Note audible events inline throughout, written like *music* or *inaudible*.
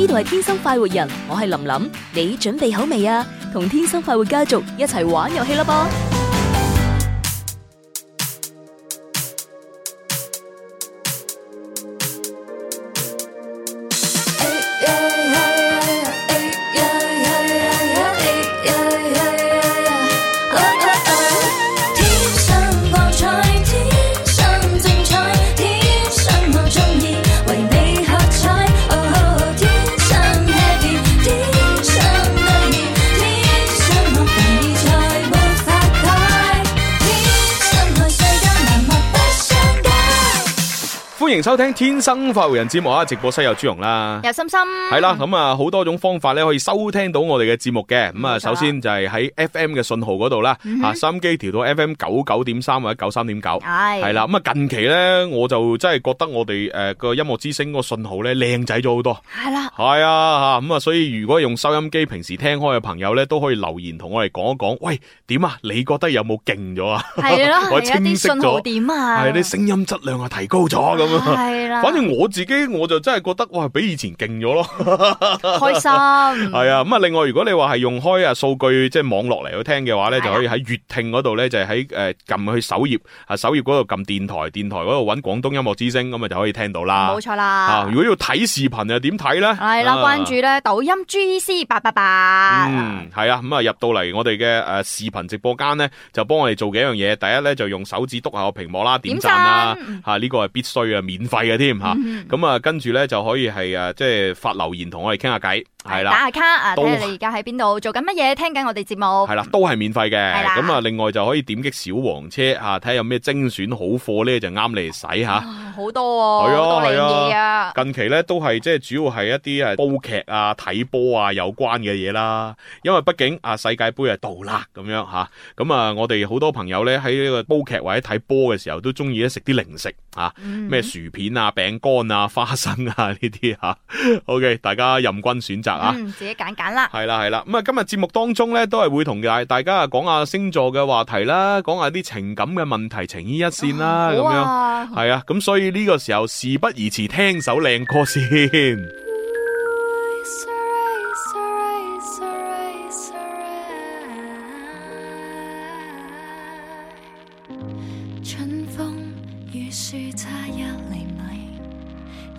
呢度係天生快活人，我係林林，你準備好未啊？同天生快活家族一齊玩遊戲啦噃！聽天生發匯人節目啊，直播室有朱容啦。有心心。係啦，咁啊，好多種方法咧，可以收聽到我哋嘅節目嘅。咁啊，首先就係喺 F M 嘅信號嗰度啦，啊，收音機調到 F M 九九點三或者九三點九。係。係啦，咁啊，近期咧，我就真係覺得我哋誒個音樂之聲個信號咧，靚仔咗好多。係啦。係啊，吓咁啊，所以如果用收音機平時聽開嘅朋友咧，都可以留言同我哋講一講，喂，點啊？你覺得有冇勁咗啊？係咯，我哋一啲信號點啊？係啲聲音質量啊提高咗咁啊。反正我自己我就真係覺得哇，比以前勁咗咯， *laughs* 開心係啊。咁啊，另外如果你話係用開啊數據即係、就是、網絡嚟去聽嘅話咧，的就可以喺粵聽嗰度咧，就係喺誒撳去首頁啊，首頁嗰度撳電台，電台嗰度揾廣東音樂之聲，咁啊就可以聽到啦。冇錯啦、啊。如果要睇視頻啊，點睇咧？係啦，關注咧抖音 G C 八八八。嗯，係啊。咁啊，入到嚟我哋嘅誒視頻直播間咧，就幫我哋做幾樣嘢。第一咧就用手指篤下個屏幕啦，點讚啦，吓呢個係必須啊，須免費嘅添吓，咁啊跟住咧就可以係啊，即係發留言同我哋傾下偈，係啦， *laughs* 打下卡啊，睇下是你而家喺邊度做緊乜嘢，聽緊我哋節目係啦，都係免費嘅，咁啊的另外就可以點擊小黃車吓，睇下有咩精選好貨咧就啱你嚟使吓，好、 *laughs* 啊、多喎、啊，係啊係啊，啊，啊，近期咧都係即係主要係一啲啊煲劇啊睇波啊有關嘅嘢啦，因為畢竟啊世界杯係到啦咁樣吓，咁啊，啊我哋好多朋友咧喺呢個煲劇或者睇波嘅時候都中意食啲零食啊，咩薯片。 *laughs* 片啊、餅乾啊、花生啊呢啲吓，OK，大家任君選擇啊，自己揀揀啦，係啦係啦。咁啊，今日節目當中呢，都係會同大大家啊講下星座嘅話題啦，講下啲情感嘅問題，情依一線啦，咁樣係啊。咁所以呢個時候事不宜遲，聽首靚歌先。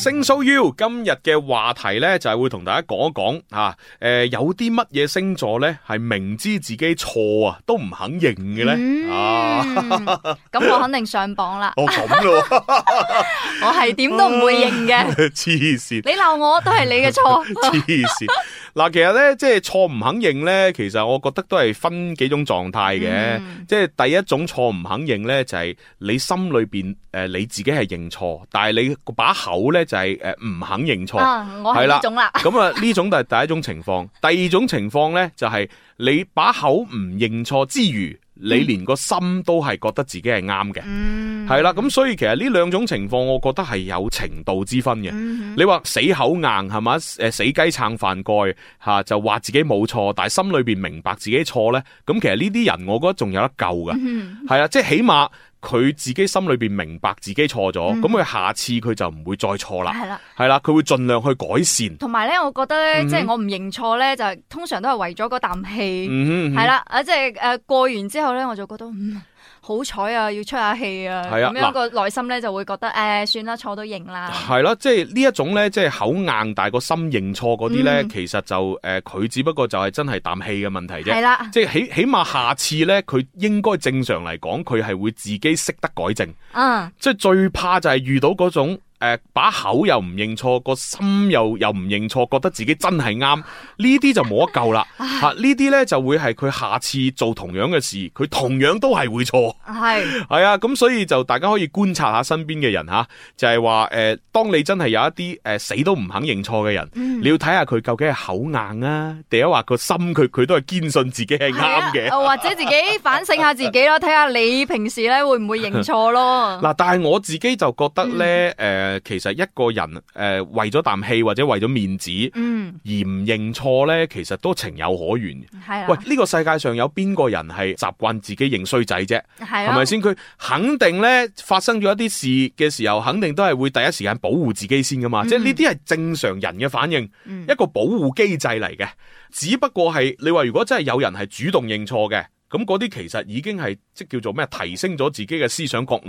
星 show U 今日嘅話題呢，就係會同大家講一講吓，誒、啊呃、有啲乜嘢星座呢，係明知自己錯啊都唔肯認嘅呢，咁、嗯啊、我肯定上榜啦。哦，我係點 *laughs* 都唔會認嘅，黐線、啊！你鬧我都係你嘅錯，黐 *laughs* 線！嗱，其實咧，即係錯唔肯認咧，其實我覺得都係分幾種狀態嘅。嗯、即係第一種錯唔肯認咧，就係、是、你心裏邊誒你自己係認錯，但係你個把口咧就係誒唔肯認錯、嗯。我係呢種啦。咁啊，呢種就係第一種情況。 *laughs* 第二種情況咧，就係、是、你把口唔認錯之餘，你連個心都係覺得自己係啱嘅，係啦、嗯，咁所以其實呢兩種情況，我覺得係有程度之分嘅。嗯、哼你話死口硬係嘛？誒死雞撐飯蓋吓、啊，就話自己冇錯，但係心裏邊明白自己錯咧，咁其實呢啲人我覺得仲有得救㗎，係啊、嗯哼，即係起碼。佢自己心裏邊明白自己錯咗，咁佢、嗯、哼下次佢就唔會再錯啦。係啦、嗯哼，係啦，佢會盡量去改善。同埋咧，我覺得咧，即係、嗯、哼我唔認錯咧，就係通常都係為咗嗰啖氣，係啦、嗯哼，啊即係誒過完之後咧，我就覺得嗯。好彩啊，要出下氣啊！咁、啊、樣個內心咧就會覺得，誒喏、哎，算啦，錯都認啦。係啦、啊，即係呢一種咧，即係口硬但係個心認錯嗰啲咧，嗯、其實就誒，佢、呃、只不過就係真係啖氣嘅問題啫。係啦、啊，即係起起碼下次咧，佢應該正常嚟講，佢係會自己識得改正。啊、嗯，即係最怕就係遇到嗰種。誒、呃，把口又唔認錯，個心又又唔認錯，覺得自己真係啱，呢啲就冇得救啦。吓、 *laughs* 啊，呢啲呢，就會係佢下次做同樣嘅事，佢同樣都係會錯。係係是啊，咁所以就大家可以觀察下身邊嘅人吓、啊，就係話誒，當你真係有一啲誒、呃、死都唔肯認錯嘅人，嗯、你要睇下佢究竟係口硬啊，定係話個心佢，佢佢都係堅信自己係啱嘅。或者自己反省下自己咯，睇下 *laughs* 你平時呢會唔會認錯咯。嗱，但係我自己就覺得呢。誒、嗯。嗯誒，其實一個人誒、呃、為咗啖氣或者為咗面子，嗯，而唔認錯咧，其實都情有可原。係啊，喂，呢個世界上有邊個人係習慣自己認衰仔啫？係，係咪先？佢肯定咧，發生咗一啲事嘅時候，肯定都係會第一時間保護自己先噶嘛。嗯嗯，即係呢啲係正常人嘅反應，嗯、一個保護機制嚟嘅。只不過係你話如果真係有人係主動認錯嘅。咁嗰啲其實已經係即叫做咩？提升咗自己嘅思想覺悟，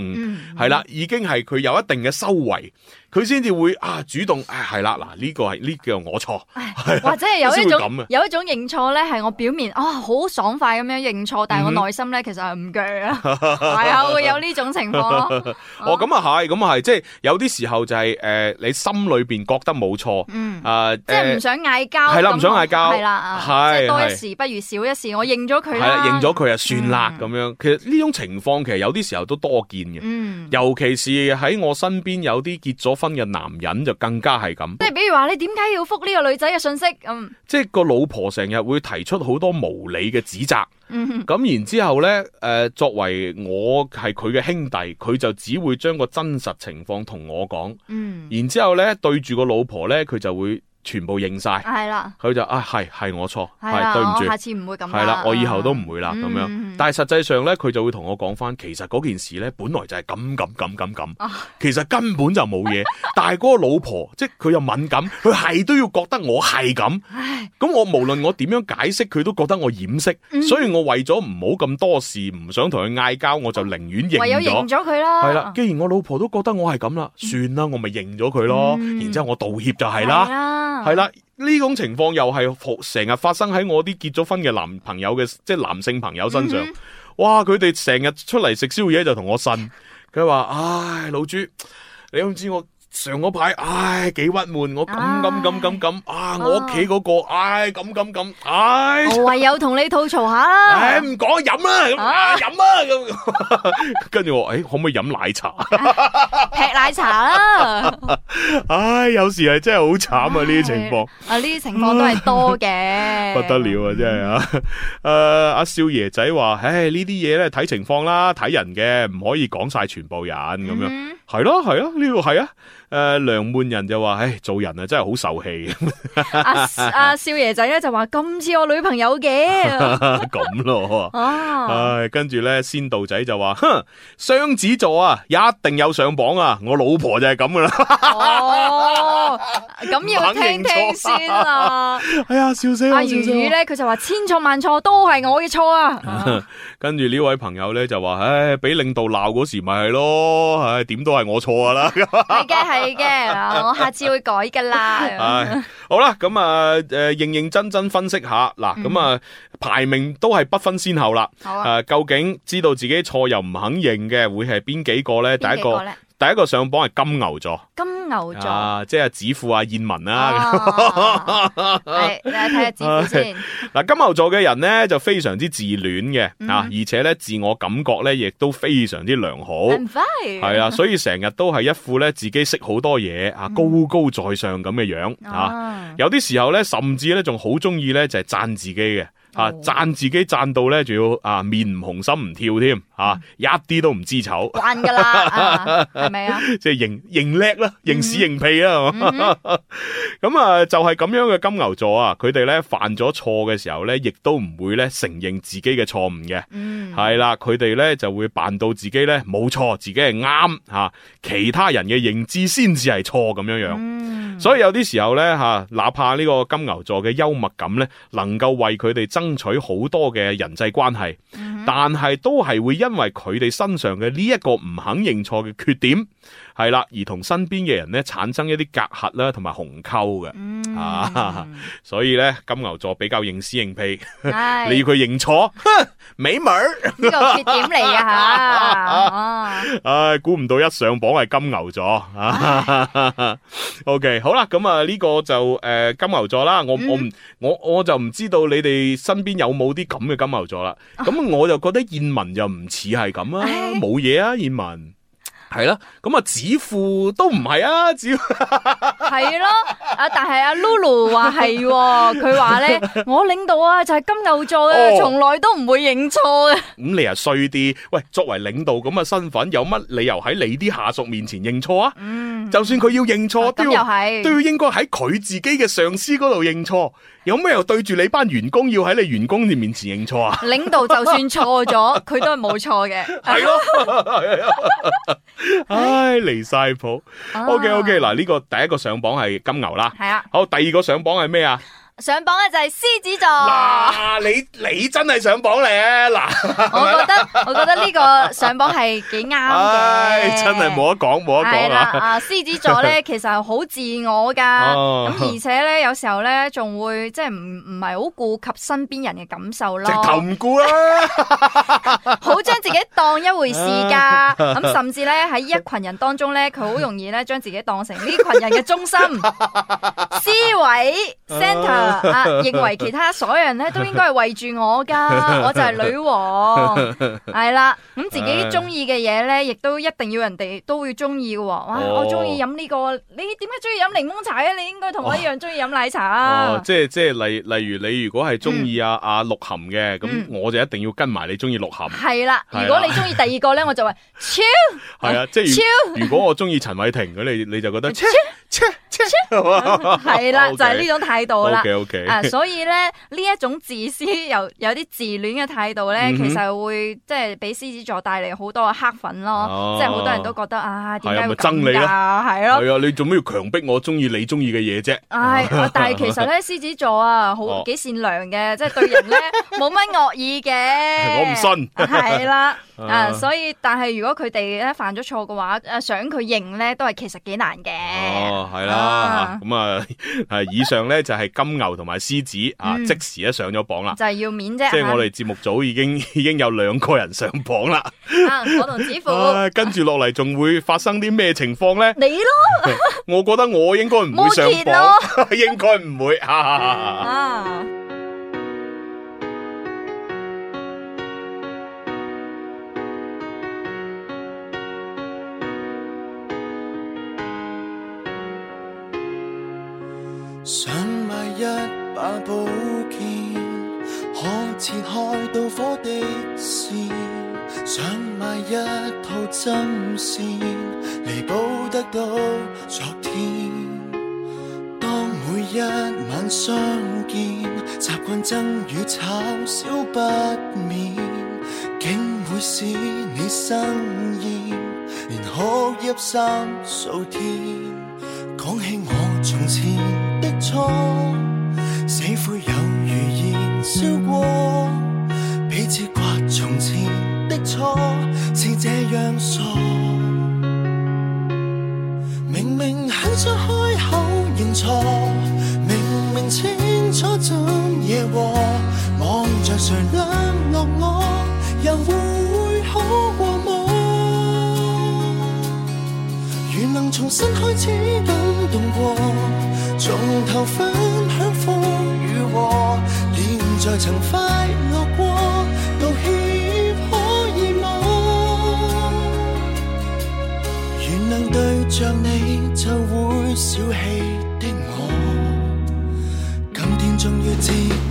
係啦、嗯，已經係佢有一定嘅修為。佢先至會啊主動，誒，係啦，嗱，呢個係呢，叫我錯，或者係有一種有一種認錯咧，係我表面啊好爽快咁樣認錯，但係我內心咧，其實係唔鋸啊，係啊會有呢種情況。哦，咁啊係咁啊係，即係有啲時候就係誒，你心裏邊覺得冇錯，嗯，誒，即係唔想嗌交，係啦，唔想嗌交，係啦，係多一事不如少一事，我認咗佢啦，認咗佢啊算啦咁樣。其實呢種情況其實有啲時候都多見嘅，嗯，尤其是喺我身邊有啲結咗婚嘅男人就更加係咁，即係比如話，你點解要覆呢個女仔嘅信息咁？嗯、即係個老婆成日會提出好多無理嘅指責，咁、嗯、哼然之後呢，誒，作為我係佢嘅兄弟，佢就只會將個真實情況同我講，嗯、然之後呢，對住個老婆呢，佢就會。全部認晒，係啦，佢就啊係係我錯，係對唔住，下次唔會咁，係啦，我以後都唔會啦，咁樣。但係實際上咧，佢就會同我講翻，其實嗰件事咧本來就係咁咁咁咁咁，其實根本就冇嘢。但係嗰個老婆，即係佢又敏感，佢係都要覺得我係咁，咁我無論我點樣解釋，佢都覺得我掩飾，所以我為咗唔好咁多事，唔想同佢嗌交，我就寧願認咗認咗佢啦。係啦，既然我老婆都覺得我係咁啦，算啦，我咪認咗佢咯。然之後我道歉就係啦。係啦，呢種情況又係好成日發生喺我啲結咗婚嘅男朋友嘅，即係男性朋友身上。Mm hmm. 哇，佢哋成日出嚟食宵夜就同我呻，佢話：唉，老朱，你知唔知我？上嗰排，im, 唉，幾鬱悶，我咁咁咁咁咁啊！啊我屋企嗰個，唉，咁咁咁，唉，唯、嗯、有同你吐槽下啦。唉，唔講，飲啦、啊，飲啦、啊，咁、啊。跟住、啊、我，誒、哎，可唔可以飲奶茶？食奶茶啦。唉，有時係真係好慘啊！呢啲情況，啊，呢啲情況都係多嘅。不得了啊！真係啊，誒，阿少爺仔話，唉，呢啲嘢咧睇情況啦，睇人嘅，唔可以講晒全部人咁樣。係咯，係咯，呢度係啊。誒、呃，梁漢仁就話：唉，做人 *laughs* 啊，真係好受氣。阿阿少爺仔咧就話：咁似我女朋友嘅。咁咯。唉，跟住咧，仙道仔就話：雙子座啊，一定有上榜啊！我老婆就係咁噶啦。 *laughs* 哦。咁、啊、要聽聽先啦啊。哎呀，笑死我。阿魚魚咧，佢就話：千錯萬錯都係我嘅錯啊，啊，啊。跟住呢位朋友咧就話：唉，俾領導鬧嗰時咪係咯，唉，點都係我錯噶啦。 *laughs* 係嘅，我下次會改噶啦。 *laughs* *laughs* 好啦，咁、嗯、啊，誒、嗯，認認真真分析下，嗱，咁啊，排名都係不分先後啦。誒、啊啊，究竟知道自己錯又唔肯認嘅，會係邊幾個咧？第一個。第一個上榜係金牛座，金牛座，啊、即係子父啊，燕文啦、啊，係你睇下子父先，嗱，金牛座嘅人呢就非常之自戀嘅，嗯、啊，而且呢自我感覺呢亦都非常之良好，係白啊，所以成日都係一副呢自己識好多嘢啊，高高在上咁嘅樣、嗯、啊，有啲時候呢，甚至呢仲好中意呢就係、是、讚自己嘅。吓賺、啊、自己賺到咧，仲要啊面紅心唔跳添，吓一啲都唔知醜，慣噶啦，係咪啊？即係認認叻啦，認屎認屁啦，咁 *laughs* 啊，係咪啊 *laughs* 就係咁樣嘅金牛座啊，佢哋咧犯咗錯嘅時候咧，亦都唔會咧承認自己嘅錯誤嘅，係、嗯、啦，佢哋咧就會扮到自己咧冇錯，自己係啱吓，其他人嘅認知先至係錯咁樣樣，嗯、所以有啲時候咧吓、啊，哪怕呢個金牛座嘅幽默感咧，能夠為佢哋爭取好多嘅人際關係。但係都係會因為佢哋身上嘅呢一個唔肯認錯嘅缺點，係啦，而同身邊嘅人咧產生一啲隔閡啦、啊，同埋鴻溝嘅，嗯、啊，所以咧金牛座比較認私認屁，哎、 *laughs* 你要佢認錯，美眉呢個缺點嚟啊吓，啊、哎，誒，估唔到一上榜係金牛座啊、哎、 *laughs* ，OK，好啦，咁啊呢個就誒、呃、金牛座啦，我我唔、嗯、我我就唔知道你哋身邊有冇啲咁嘅金牛座啦，咁我。 *laughs* 就覺得燕文又唔似係咁啊，冇嘢啊，燕文。係啦，咁啊，指父都唔係啊，只要係咯，啊，但係阿 Lulu 話係，佢話咧，我領導啊就係、是、金牛座啊，從、哦、來都唔會認錯啊。嗯，咁你又衰啲，喂，作為領導咁嘅身份，有乜理由喺你啲下屬面前認錯啊？嗯，就算佢要認錯，啊、都又係都要應該喺佢自己嘅上司嗰度認錯。有咩又對住你班員工要喺你員工面前認錯啊？領導就算錯咗，佢都係冇錯嘅。係咯的。 *laughs* *laughs* 唉，離晒譜。OK，OK，嗱，啊，呢個第一個上榜係金牛啦。係啊，好，第二個上榜係咩啊？ *laughs* 上榜咧就係獅子座。嗱，你你真係上榜嚟，嗱 ober ly，我覺得我覺得呢個上榜係幾啱嘅。Y，真係冇得講，冇得講啦。啊，獅子座咧其實好自我噶，咁、哦、而且咧有時候咧仲會即係唔唔係好顧及身邊人嘅感受咯，直頭唔顧啦，好將、啊、 *laughs* 自己當一回事噶。咁甚至咧喺一群人當中咧，佢好容易咧將自己當成呢群人嘅中心， *laughs* C 位 center。Fight *laughs* 啊！認為其他所有人咧都應該係圍住我噶， *laughs* 我就係女王，係啦 *laughs* 咁自己中意嘅嘢咧，亦都一定要人哋都會中意嘅。哇！哦、我中意飲呢個，你點解中意飲檸檬茶啊？你應該同我一樣中意飲奶茶啊、哦哦！即係即係，例例如你如果係中意阿阿鹿晗嘅，咁、嗯啊、我就一定要跟埋你中意鹿晗。係啦、嗯，如果你中意第二個咧，我就話超。係啊了， *laughs* 即係超。如果我中意陳偉霆嘅，你你，你就覺得 *laughs* 切切係啦，就係呢種態度啦。所以咧呢一種自私又有啲自戀嘅態度咧，其實會即係俾獅子座帶嚟好多黑粉咯。即係好多人都覺得啊，點解會憎你啊？係咯，係啊，你做咩要強迫我中意你中意嘅嘢啫？唉，但係其實咧，獅子座啊，好幾善良嘅，即係對人咧冇乜惡意嘅。我唔信。係啦，啊，所以但係如果佢哋咧犯咗錯嘅話，誒想佢認咧都係其實幾難嘅。係、哦、啦，咁啊，係、啊、以上咧就係、是、金牛同埋獅子、嗯、啊，即時一上咗榜啦，就係要面啫。即係我哋節目組已經已經有兩個人上榜啦、啊。我同師傅。跟住落嚟仲會發生啲咩情況咧？你咯、哎，我覺得我應該唔會上榜， *laughs* 應該唔會。啊嗯啊想買一把寶劍，可切開導火的線。想買一套針線，彌補得到昨天。當每一晚相見，習慣爭與吵少不免，竟會使你生厭，連哭泣三數天。錯，死灰有如燃燒過，彼此刮從前的錯，似這樣傻。明明很想開口認錯，明明清楚怎惹禍，望着誰冷落我，又會好過麼？如能重新開始，感動過。從頭分享福與禍，連在曾快樂過，道歉可以嗎？原諒對著你就會小氣的我，今天終於知。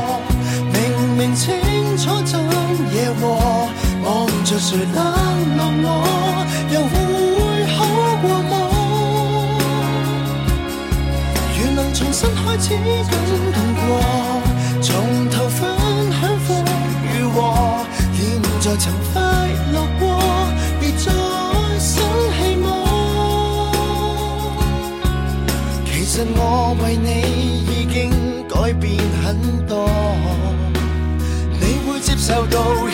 過，望着誰冷落我，又會好過麼？如能重新開始，比痛過，從頭分享福與禍。現在曾快樂過，別再生氣麼？其實我為你已經改變很多，你會接受到。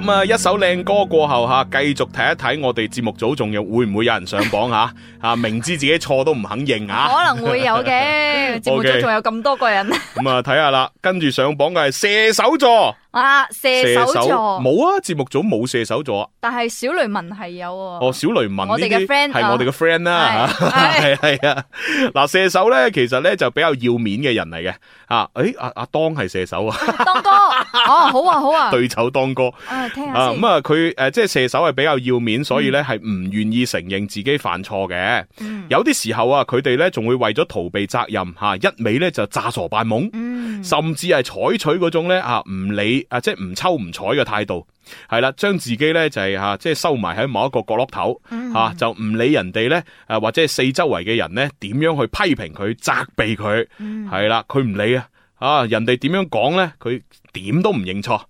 咁啊，嗯，一首靚歌過後吓，繼、啊、續睇一睇我哋節目組仲有會唔會有人上榜吓？吓， *laughs* 啊、明知自己錯都唔肯認啊！可能會有嘅，節 *laughs* 目組仲有咁多個人。咁啊，睇下啦，跟住上榜嘅係射手座。啊！射手座冇啊，節目組冇射手座，但係小雷文係有哦。哦，小雷文，我哋嘅 friend 係我哋嘅 friend 啦，係係啊。嗱，射手咧其實咧就比較要面嘅人嚟嘅吓。誒，阿阿當係射手啊，當哥哦，好啊，好啊，對手當哥啊，聽下。咁啊，佢誒即係射手係比較要面，所以咧係唔願意承認自己犯錯嘅。有啲時候啊，佢哋咧仲會為咗逃避責任吓，一味咧就詐傻扮懵，甚至係採取嗰種咧啊唔理。不不就是、啊，即係唔抽唔睬嘅態度係啦，將自己咧就係吓即係收埋喺某一個角落頭吓、mm hmm. 啊，就唔理人哋咧，誒或者係四周圍嘅人咧點樣去批評佢、責備佢係啦，佢唔、mm hmm. 理啊啊，人哋點樣講咧，佢點都唔認錯。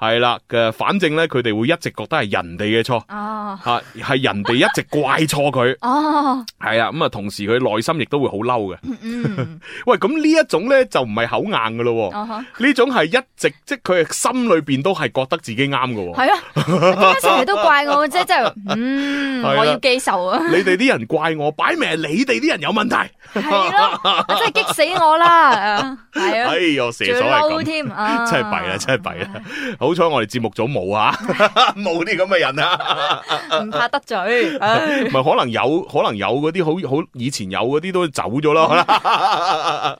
係啦，嘅反正咧，佢哋會一直覺得係人哋嘅錯，啊，係人哋一直怪錯佢，哦，係啊，咁啊，同時佢內心亦都會好嬲嘅，喂、hmm. uh，咁呢一種咧就唔係口硬噶咯，呢種係一直即係佢心裏邊都係覺得自己啱噶、啊，係咯，點解成日都怪我，即係即係，我要記仇啊，你哋啲人怪我，擺明係你哋啲人有問題，係咯，真係激死我啦，係啊，哎喲，射手係啊！真係弊啦，真係弊啦，好。好彩我哋節目組冇啊，冇啲咁嘅人啊，唔怕得罪，咪可能有，可能有嗰啲好好，以前有嗰啲都走咗咯。好啦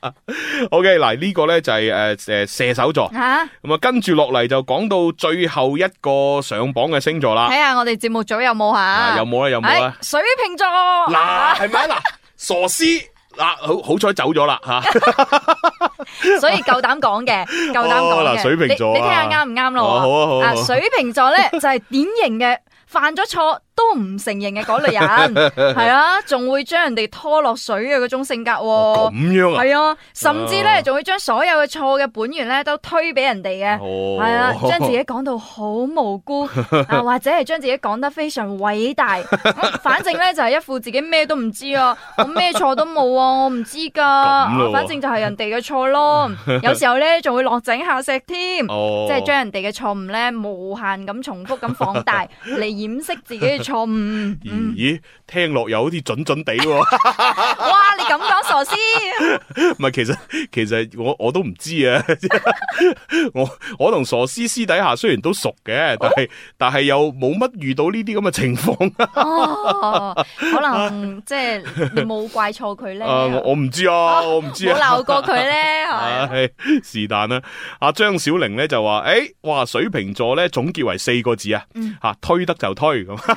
OK，嗱呢個咧就係誒誒射手座，咁啊跟住落嚟就講到最後一個上榜嘅星座啦。睇下我哋節目組有冇吓？有冇啊？有冇啊？水瓶座嗱係咪啊？嗱，傻師。嗱、啊，好好彩走咗啦吓，啊、 *laughs* *laughs* 所以夠膽講嘅，夠膽講嘅。Oh, 你水瓶座、啊，你聽下啱唔啱咯、oh, 好啊？好啊，好啊好啊，水瓶座咧就係、是、典型嘅 *laughs* 犯咗錯。都唔承認嘅嗰類人，係 *laughs* 啊，仲會將人哋拖落水嘅嗰種性格、啊，咁樣啊？係啊，甚至咧仲會將所有嘅錯嘅本源咧都推俾人哋嘅，係、哦、啊，將自己講到好無辜 *laughs* 啊，或者係將自己講得非常偉大， *laughs* 反正咧就係、是、一副自己咩都唔知 *laughs* 都啊，我咩錯都冇啊，我唔知噶，反正就係人哋嘅錯咯。 *laughs* 有時候咧仲會落井下石添， *laughs* 即係將人哋嘅錯誤咧無限咁重複咁放大嚟掩飾自己。錯誤。咦，聽落又好似準準哋喎。咁講傻師，唔係 *laughs* 其實其實我我都唔知啊。 *laughs* 我我同傻師私，私底下雖然都熟嘅，哦，但係但係又冇乜遇到呢啲咁嘅情況。 *laughs* 哦，可能即係你冇怪錯佢咧。我我唔知啊，哦、我唔知啊。鬧過佢咧，係是但啦。阿張小玲咧就話，誒、哎，哇，水瓶座咧總結為四個字啊，吓、嗯、推得就推，咁 *laughs*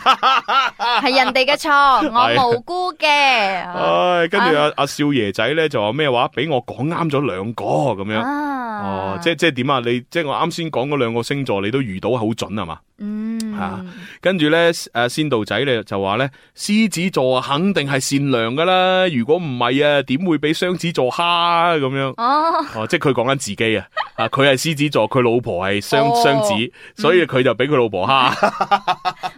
係人哋嘅錯，我無辜嘅。唉跟住。阿、啊啊、少爺仔咧就話咩話？俾我講啱咗兩個咁樣，哦、啊啊，即係即係點啊？你即係我啱先講兩個星座，你都遇到好準啊嘛？嗯吓，跟住咧，誒、啊啊，仙道仔咧就話咧，獅子座啊，肯定係善良噶啦，如果唔係啊，點會俾雙子座蝦咁、啊、樣？哦、啊，哦、啊，即係佢講緊自己 *laughs* 啊，啊，佢係獅子座，佢老婆係雙雙子，哦、所以佢就俾佢老婆蝦、嗯。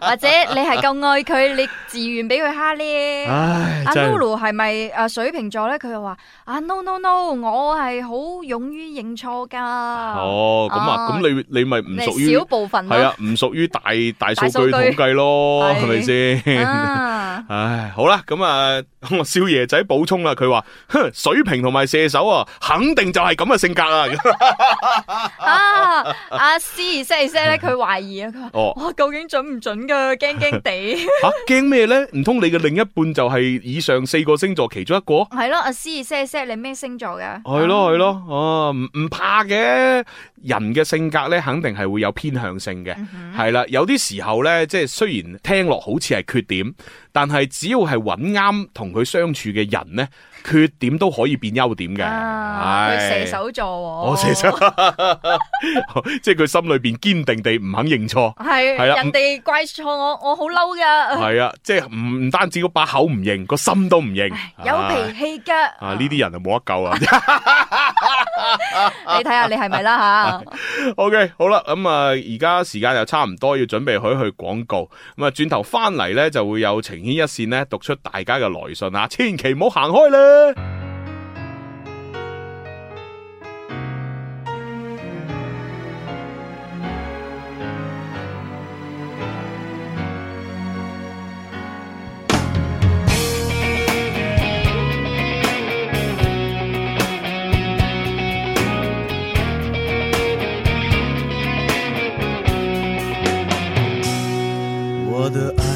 *laughs* 或者你係咁愛佢，你自願俾佢蝦咧？阿 Lulu 係咪誒水瓶座咧？佢又話啊，no no no，我係好勇於認錯噶。哦，咁啊，咁你你咪唔屬於小部分係啊？唔屬於大。 *laughs* 大數據統計咯，係咪先？唉，好啦，咁、嗯、啊，我少爺仔補充啦，佢話水瓶同埋射手啊，肯定就係咁嘅性格啊。 *laughs* 啊，阿 C 二 set 咧，佢懷疑啊，佢話、 *laughs* 嗯、哦、啊，究竟準唔準噶？驚驚哋吓驚咩咧？唔 *laughs* 通、啊、你嘅另一半就係以上四個星座其中一個？係咯，阿、啊、C 二 set 你咩星座嘅？係咯係咯，哦，唔、啊、唔怕嘅，人嘅性格咧，肯定係會有偏向性嘅，係啦， *laughs* 有啲。時候呢，即係雖然聽落好似係缺點，但係只要係揾啱同佢相處嘅人呢。缺點都可以變優點嘅，佢射手座，我射手，即係佢心裏邊堅定地唔肯認錯，係係啊，人哋怪錯我，我好嬲噶，係啊，即係唔唔單止嗰把口唔認，個心都唔認，有脾氣噶，啊呢啲人就冇得救啊，你睇下你係咪啦吓？OK，好啦，咁啊，而家時間又差唔多，要準備去去廣告，咁啊，轉頭翻嚟咧就會有晴天一線呢，讀出大家嘅來信啊，千祈唔好行開啦。我的愛。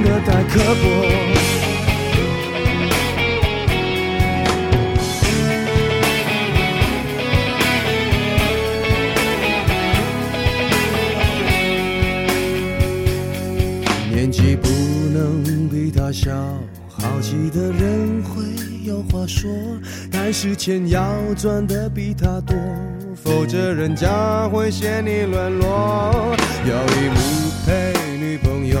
的太刻薄。年紀不能比他小，好奇的人會有話說，但是錢要賺的比他多，否則人家會嫌你軟弱。要一路陪女朋友。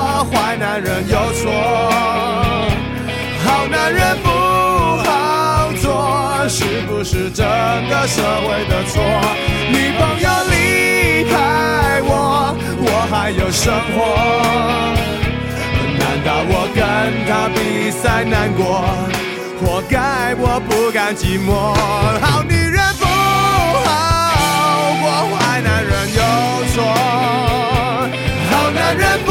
男人有錯，好男人不好做，是不是整個社會的錯？女朋友離開我，我還有生活，難道我跟他比賽難過？活該我不甘寂寞，好女人不好過，壞男人有錯，好男人不。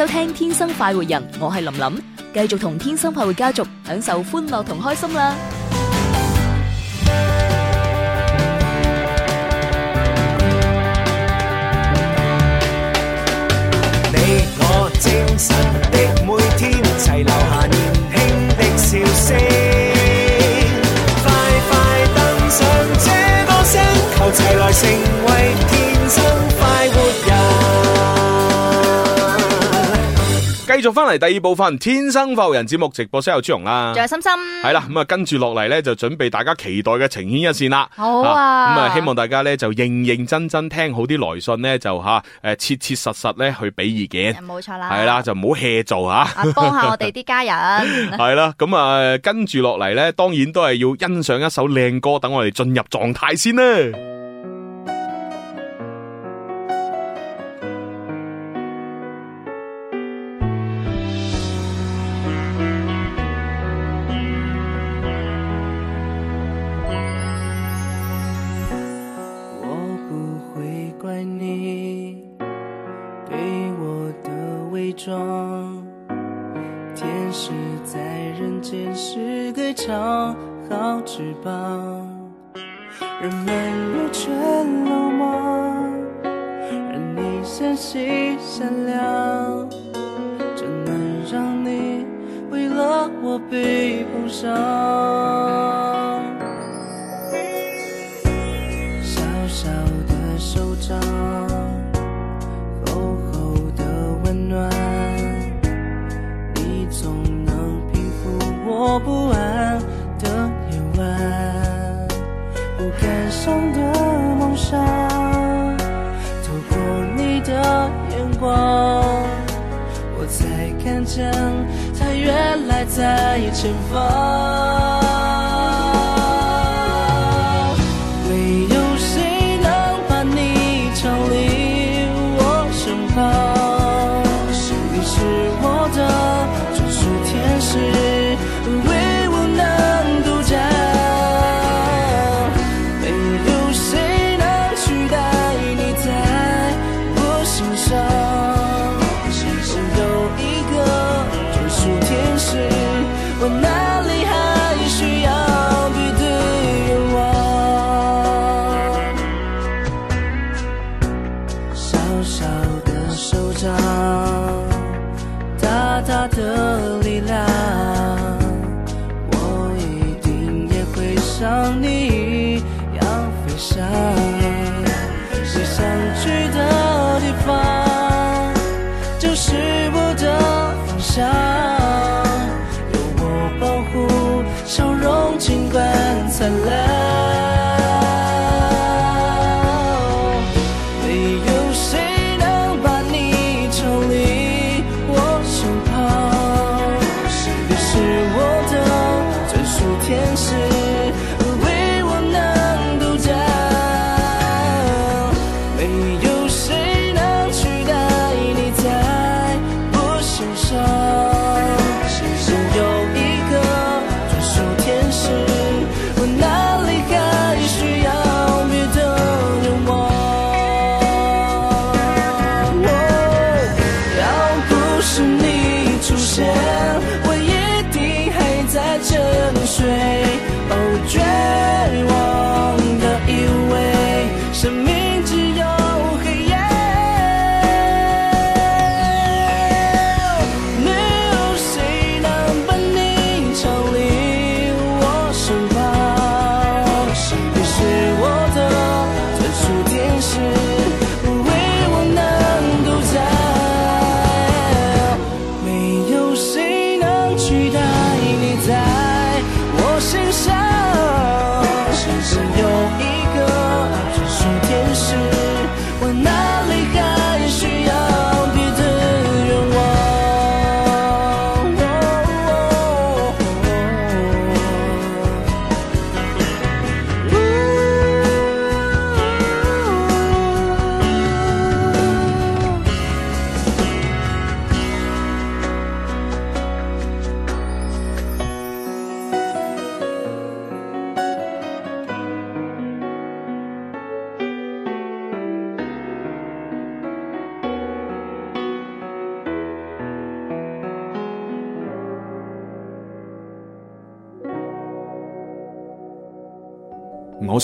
收聽天生快活人，我係林林，繼續同天生快活家族享受歡樂同開心啦！你我朝晨的每天，齊留下年輕的笑聲，快快登上這個星球，齊來升！繼續翻嚟第二部分《天生浮人》節目直播室，有朱蓉啦，仲有心心，係啦，咁啊，跟住落嚟咧就準備大家期待嘅情牽一線啦。好啊，咁啊、嗯，希望大家咧就認認真真聽好啲來信咧，就吓、啊、誒，切切實實咧去俾意見，冇錯啦，係啦，就唔好 hea 做吓、啊，幫、啊、下我哋啲家人。係 *laughs* 啦，咁、嗯、啊，跟住落嚟咧，當然都係要欣賞一首靚歌，等我哋進入狀態先啦。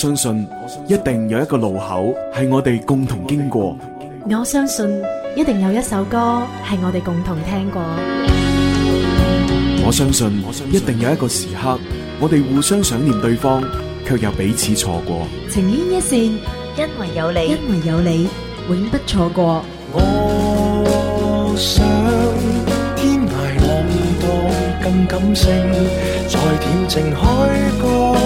我相信一定有一個路口係我哋共同經過。我相信一定有一首歌係我哋共同聽過。我相信一定有一個時刻我哋互相想念對方，卻又彼此錯過。情牽一線，因為有你，因為有你，永不錯過。我想天涯浪蕩更感性，在恬靜海角。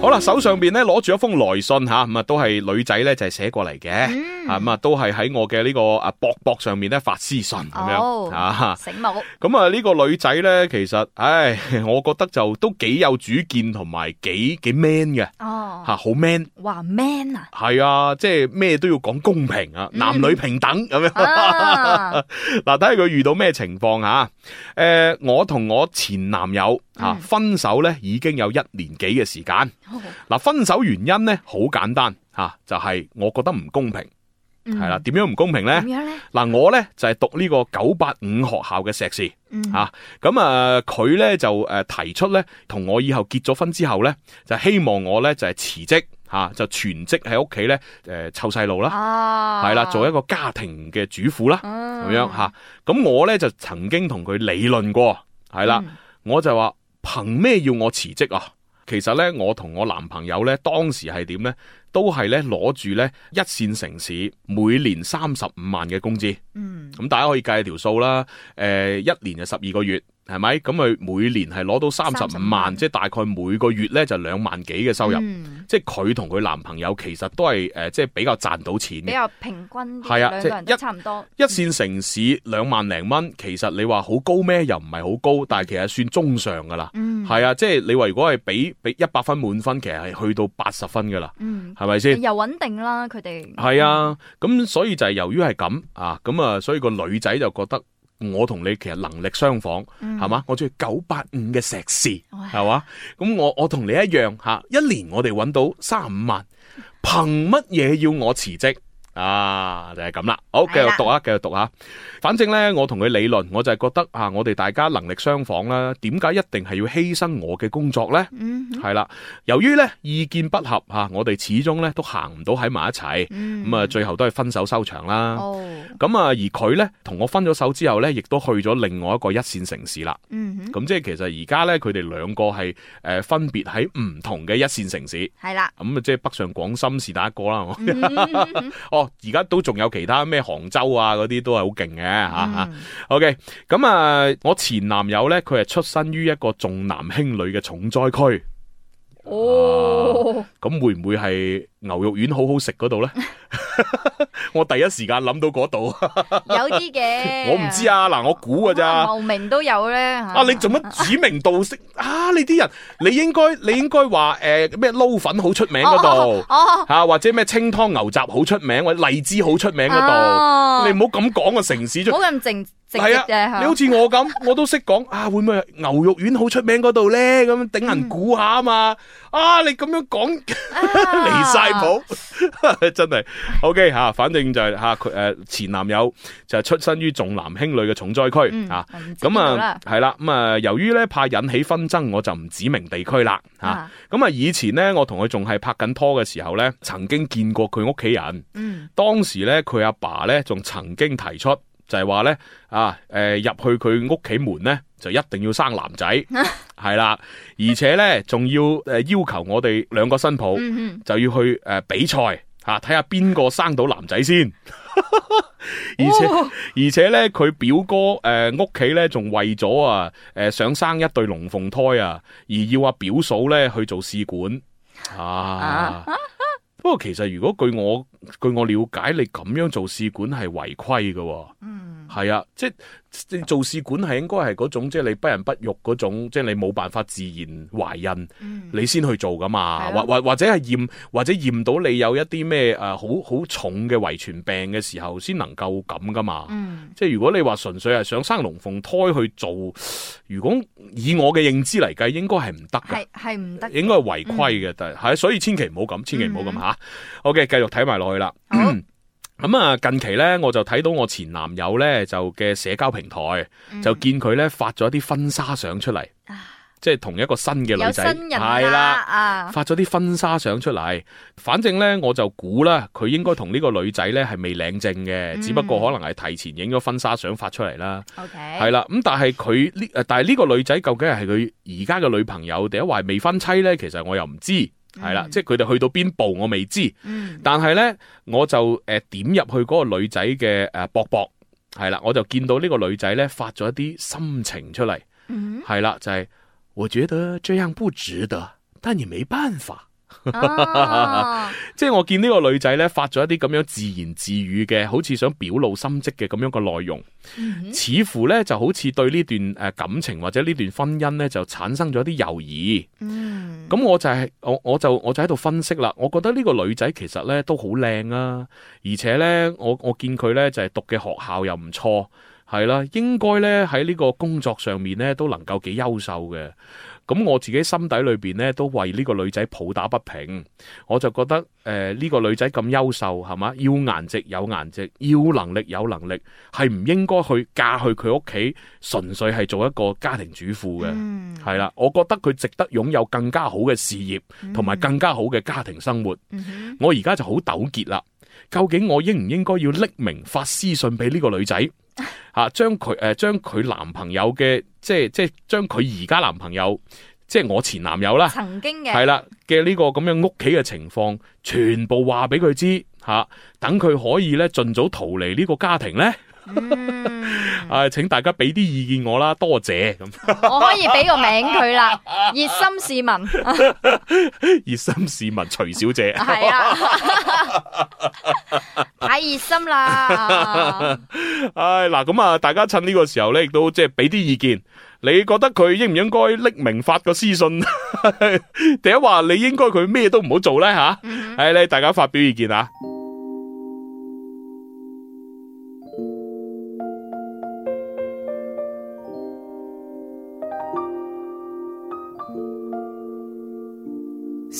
好啦，手上邊咧攞住一封來信吓，咁啊都係女仔咧就係寫過嚟嘅，啊咁啊都係喺我嘅呢個啊博博上面咧發私信咁樣、哦、啊，醒目咁啊呢個女仔咧其實，唉，我覺得就都幾有主見同埋幾幾 man 嘅，哦吓好 man，話 man 啊，係說 man? 啊，即係咩都要講公平啊，男女平等咁、嗯啊、樣。嗱，睇下佢遇到咩情況吓，誒、啊，我同我前男友吓、嗯、分手咧已經有一年幾嘅時間。嗱，分手原因咧好簡單吓，就係我覺得唔公平，係啦，點樣唔公平咧？嗱，我咧就係讀呢個九八五學校嘅碩士，嗯啊，咁啊佢咧就誒提出咧，同我以後結咗婚之後咧，就希望我咧就係辭職吓，就全職喺屋企咧誒湊細路啦，係啦，做一個家庭嘅主婦啦，咁樣吓，咁我咧就曾經同佢理論過，係啦，我就話憑咩要我辭職啊？其實咧，我同我男朋友咧，當時係點咧，都係咧攞住咧一線城市每年三十五萬嘅工資。嗯，咁大家可以計下條數啦。誒，一年就十二個月。係咪咁佢每年係攞到三十五萬，即係大概每個月咧就兩萬幾嘅收入，即係佢同佢男朋友其實都係誒，即係比較賺到錢，比較平均，係啊，兩個人差唔多。一線城市兩萬零蚊，其實你話好高咩？又唔係好高，但係其實算中上噶啦。嗯，係啊，即係你話如果係俾俾一百分滿分，其實係去到八十分噶啦。嗯，係咪先？又穩定啦，佢哋係啊。咁所以就係由於係咁啊，咁啊，所以個女仔就覺得。我同你其實能力相仿，係嘛、嗯？我鍾意九八五嘅碩士，係嘛喂？咁我我同你一樣嚇，一年我哋揾到三五萬，憑乜嘢要我辭職？啊，就係咁啦。好，繼續讀啊，繼續讀啊。的反正咧，我同佢理論，我就係覺得啊，我哋大家能力相仿啦、啊，點解一定係要犧牲我嘅工作咧？嗯哼，係啦。由於咧意見不合吓、啊，我哋始終咧都行唔到喺埋一齊。咁啊、嗯，最後都係分手收場啦。咁、哦、啊，而佢咧同我分咗手之後咧，亦都去咗另外一個一線城市啦。咁、嗯、哼即係其實而家咧，佢哋兩個係誒、呃、分別喺唔同嘅一線城市。係啦、嗯哼，咁啊、嗯哼，即係北上廣深是第一個啦。哦。而家都仲有其他咩杭州啊嗰啲都係好勁嘅吓吓。嗯、OK，咁啊，我前男友咧，佢係出身於一個重男輕女嘅重災區。哦，咁、啊、會唔會係？牛肉丸好好食嗰度咧，我第一時間諗到嗰度。有啲嘅，我唔知啊，嗱，我估噶咋？茂名都有咧。啊，你做乜指名道姓？啊，你啲人，你應該，你應該話誒咩撈粉好出名嗰度，吓或者咩清湯牛雜好出名，或者荔枝好出名嗰度。你唔好咁講個城市就唔好咁靜靜係啊！你好似我咁，我都識講啊，會唔會牛肉丸好出名嗰度咧？咁頂人估下啊嘛。啊！你咁樣講離晒譜，真係 OK 吓。Okay, 反正就係吓佢誒前男友就係出身於重男輕女嘅重災區吓。咁、嗯、啊係啦，咁啊、嗯嗯嗯、由於咧怕引起紛爭，我就唔指明地區啦吓。咁啊，啊以前咧我同佢仲係拍緊拖嘅時候咧，曾經見過佢屋企人。嗯，當時咧佢阿爸咧仲曾經提出。就係話咧啊，誒、呃、入去佢屋企門咧就一定要生男仔，係啦， *laughs* 而且咧仲要誒要求我哋兩個新抱 *laughs* 就要去誒、呃、比賽吓，睇下邊個生到男仔先 *laughs* 而。而且而且咧，佢表哥誒、呃、屋企咧仲為咗啊誒、呃、想生一對龍鳳胎啊，而要阿、啊、表嫂咧去做試管啊。啊不過其實如果據我據我了解，你咁樣做試管係違規嘅嗯。係啊，即係做試管係應該係嗰種，即係你不孕不育嗰種，即係你冇辦法自然懷孕，嗯、你先去做噶嘛，的或或或者係驗或者驗到你有一啲咩誒好好重嘅遺傳病嘅時候，先能夠咁噶嘛。嗯、即係如果你話純粹係想生龍鳳胎去做，如果以我嘅認知嚟計，應該係唔得嘅，係唔得，應該係違規嘅，但係所以千祈唔好咁，千祈唔、嗯啊 okay, 好咁的吓。OK，繼續睇埋落去啦。咁啊，近期咧，我就睇到我前男友咧就嘅社交平台，嗯、就見佢咧發咗啲婚紗相出嚟，嗯、即係同一個新嘅女仔，係啦，啊、發咗啲婚紗相出嚟。反正咧，我就估啦，佢應該同呢個女仔咧係未領證嘅，嗯、只不過可能係提前影咗婚紗相發出嚟、嗯 okay, 啦。係啦，咁但係佢呢？誒，但係呢個女仔究竟係佢而家嘅女朋友，定或係未婚妻咧？其實我又唔知。係啦，即係佢哋去到邊步我未知，但係咧我就誒、呃、點入去個女仔嘅誒博博，係、呃、啦，我就見到呢個女仔咧發咗一啲心情出嚟，係啦、嗯、就係、是、我覺得這樣不值得，但係你沒辦法。 *laughs* 即係我見呢個女仔呢發咗一啲咁樣自言自語嘅，好似想表露心跡嘅咁樣個內容，嗯、哼似乎呢就好似對呢段誒感情或者呢段婚姻呢就產生咗啲猶疑。咁、嗯、我就係、是、我我就我就喺度分析啦，我覺得呢個女仔其實呢都好靚啊，而且呢，我我見佢呢就係、是、讀嘅學校又唔錯，係啦，應該呢喺呢個工作上面呢都能夠幾優秀嘅。咁我自己心底裏邊咧，都為呢個女仔抱打不平。我就覺得，誒，呢個女仔咁優秀係嘛，要顏值有顏值，要能力有能力，係唔應該去嫁去佢屋企，純粹係做一個家庭主婦嘅。係啦，嗯，我覺得佢值得擁有更加好嘅事業，同埋更加好嘅家庭生活。嗯、哼我而家就好糾結啦，究竟我應唔應該要匿名發私信俾呢個女仔？吓，將佢誒，將佢男朋友嘅，即係即係將佢而家男朋友，即係我前男友啦，曾經嘅係啦嘅呢個咁樣屋企嘅情況，全部話俾佢知吓，等佢可以咧盡早逃離呢個家庭咧。嗯，誒，請大家俾啲意見我啦，多謝咁。 *laughs* 我可以俾個名佢啦，熱 *laughs* 心市民，熱 *laughs* *laughs* 心市民徐小姐，係 *laughs* 啊， *laughs* 太熱心啦。唉，嗱咁啊，大家趁呢個時候咧，亦都即係俾啲意見，你覺得佢應唔應該匿名發個私信？ *laughs* 定係話你應該佢咩都唔好做咧？吓、嗯，係咧，大家發表意見啊！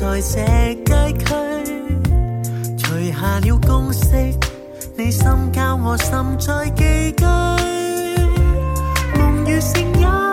在這街區，除下了公式，你心交我心再寄居，夢與聲音。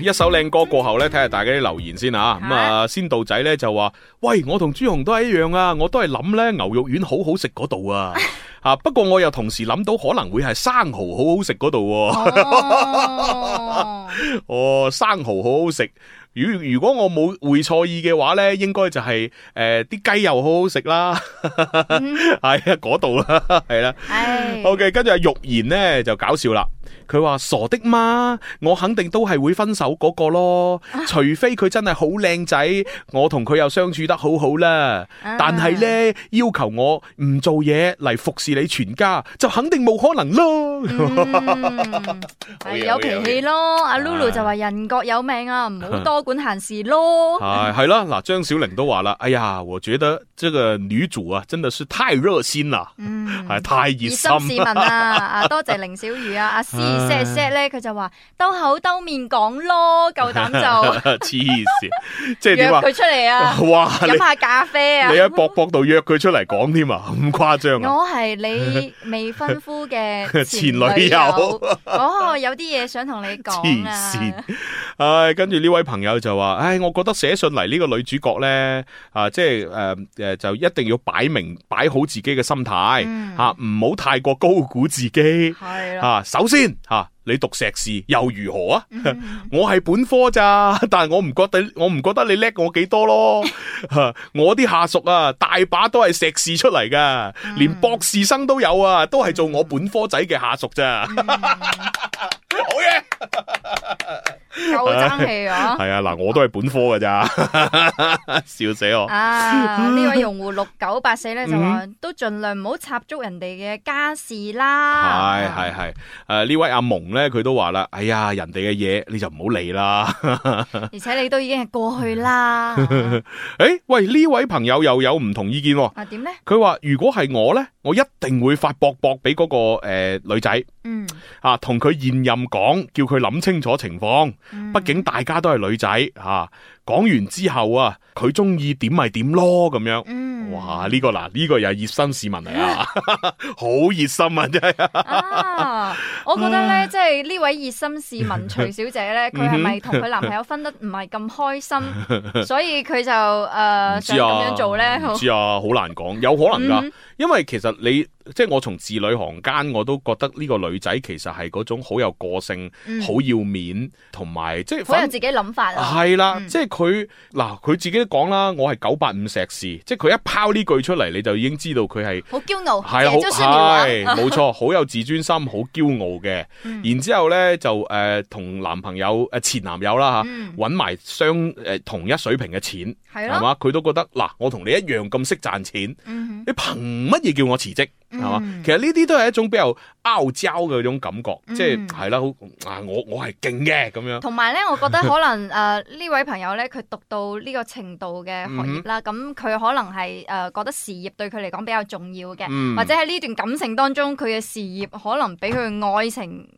一首靚歌過後咧，睇下大家啲留言先吓。咁啊，啊先道仔咧就話：，喂，我同朱紅都係一樣啊，我都係諗咧，牛肉丸好好食嗰度啊。吓， *laughs* 不過我又同時諗到可能會係生蠔好好食嗰度。哦， *laughs* 哦，生蠔好好食。如如果我冇會錯意嘅話咧，應該就係誒啲雞又好好食啦。係 *laughs* 啊、嗯，嗰度啦，係 *laughs* 啦對。哎、OK，跟住阿玉賢咧就搞笑啦。佢話傻的嘛，我肯定都係會分手嗰個咯，除非佢真係好靚仔，我同佢又相處得好好啦。但係呢，要求我唔做嘢嚟服侍你全家，就肯定冇可能咯。 *laughs* 嗯、有脾氣咯，阿 Lulu 就話人各有命啊，唔好多管閒事咯。係係啦，嗱張小玲都話啦，哎呀，我覺得這個女主啊，真的是太熱心啦，係太熱心市民啊，多謝凌小雨啊，阿思。set 咧，佢就話兜口兜面講咯，夠膽就黐線，即係約佢出嚟啊！哇，飲下咖啡啊！你喺博博度約佢出嚟講添啊？咁誇張啊！啊我係你未婚夫嘅前女友，我、哦、有啲嘢想同你講黐線，唉，跟住呢位朋友就話，唉、哎，我覺得寫信嚟呢個女主角咧啊，即係誒誒，就一定要擺明擺好自己嘅心態、嗯、啊，唔好太過高估自己係了啊，首先。啊首先你讀碩士又如何啊？ *laughs* 我係本科咋，但係我唔覺得我唔覺得你叻我幾多咯。 *laughs* 我啲下屬啊，大把都係碩士出嚟噶，連博士生都有啊，都係做我本科仔嘅下屬咋。好嘢！夠爭氣啊！係、哎、啊，嗱，我都係本科㗎咋，， *laughs* 笑死我！啊，位呢位用戶六九八四咧就話，都盡量唔好插足人哋嘅家事啦。係系系，誒、哎，呢、哎啊、位阿蒙咧，佢都話啦，哎呀，人哋嘅嘢，你就唔好理啦。 *laughs* 而且你都已經係過去啦。誒、嗯 *laughs* 哎，喂，呢位朋友又有唔同意見，啊，點咧、啊？佢話如果係我咧，我一定會發博博俾嗰個誒、呃呃、女仔。嗯，啊，同佢現任講，叫佢諗清楚情況。畢、嗯、竟大家都係女仔，吓、啊、講完之後啊，佢中意點咪點咯，咁樣。嗯，哇，呢、這個嗱，呢、這個又係熱心市民嚟啊， *laughs* *laughs* 好熱心啊，真係、 *laughs* 啊。我覺得咧， *laughs* 即係呢位熱心市民徐小姐咧，佢係咪同佢男朋友分得唔係咁開心， *laughs* 嗯、哼所以佢就誒、呃啊、想咁樣做咧？好、 *laughs* *laughs* 嗯，知啊，好難講，有可能噶，因為其實你。即係我從字裏行間，我都覺得呢個女仔其實係嗰種好有個性、好要面，同埋即係好有自己諗法。係啦，即係佢嗱，佢自己都講啦，我係九八五碩士。即係佢一拋呢句出嚟，你就已經知道佢係好驕傲，係好係冇錯，好有自尊心，好驕傲嘅。然之後咧，就誒，同男朋友誒前男友啦吓，揾埋相誒同一水平嘅錢係嘛，佢都覺得嗱，我同你一樣咁識賺錢，你憑乜嘢叫我辭職？係嘛？嗯、其實呢啲都係一種比較拗招嘅嗰種感覺，嗯、即係係啦，好啊！我我係勁嘅咁樣。同埋咧，我覺得可能誒呢、 *laughs* 呃、位朋友咧，佢讀到呢個程度嘅學業啦，咁佢、嗯、可能係誒、呃、覺得事業對佢嚟講比較重要嘅，嗯、或者喺呢段感情當中，佢嘅事業可能比佢愛情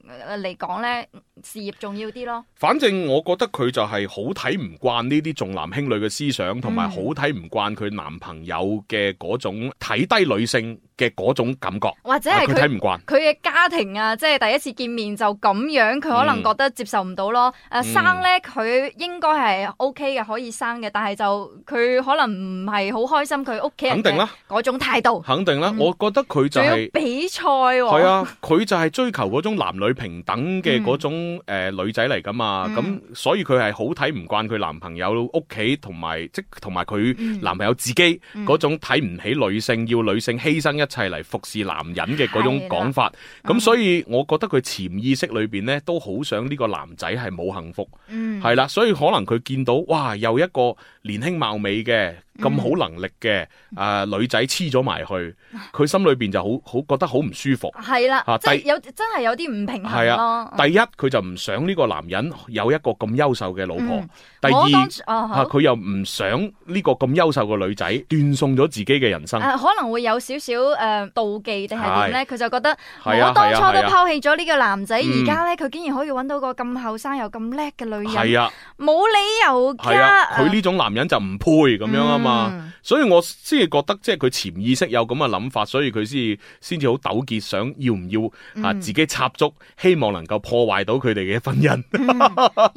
嚟講咧。 *laughs* 事業重要啲咯。反正我覺得佢就係好睇唔慣呢啲重男輕女嘅思想，同埋好睇唔慣佢男朋友嘅嗰種睇低女性嘅嗰種感覺。或者係佢睇唔慣佢嘅家庭啊，即係第一次見面就咁樣，佢可能覺得接受唔到咯。誒、嗯啊、生呢，佢應該係 OK 嘅，可以生嘅，但係就佢可能唔係好開心，佢屋企人嘅嗰種態度。肯定啦、嗯，我覺得佢就係、是、比賽喎。係 *laughs* 啊，佢就係追求嗰種男女平等嘅嗰種、 *laughs* 嗯。誒、呃，女仔嚟噶嘛？咁、嗯、所以佢係好睇唔慣佢男朋友屋企同埋，即同埋佢男朋友自己嗰、嗯、種睇唔起女性，要女性犧牲一切嚟服侍男人嘅嗰種講法。咁所以我覺得佢潛意識裏邊呢都好想呢個男仔係冇幸福，係啦、嗯。所以可能佢見到哇，又一個年輕貌美嘅。咁好能力嘅誒女仔黐咗埋去，佢心裏邊就好好覺得好唔舒服，係啦即係有真係有啲唔平衡係啊！第一佢就唔想呢個男人有一個咁優秀嘅老婆，第二佢又唔想呢個咁優秀嘅女仔斷送咗自己嘅人生。可能會有少少誒妒忌定係點咧？佢就覺得我當初都拋棄咗呢個男仔，而家咧佢竟然可以揾到個咁後生又咁叻嘅女人，係啊，冇理由嘅。佢呢種男人就唔配咁樣啊！嗯、所以我先係覺得，即係佢潛意識有咁嘅諗法，所以佢先先至好糾結，想要唔要啊自己插足，嗯、希望能夠破壞到佢哋嘅婚姻。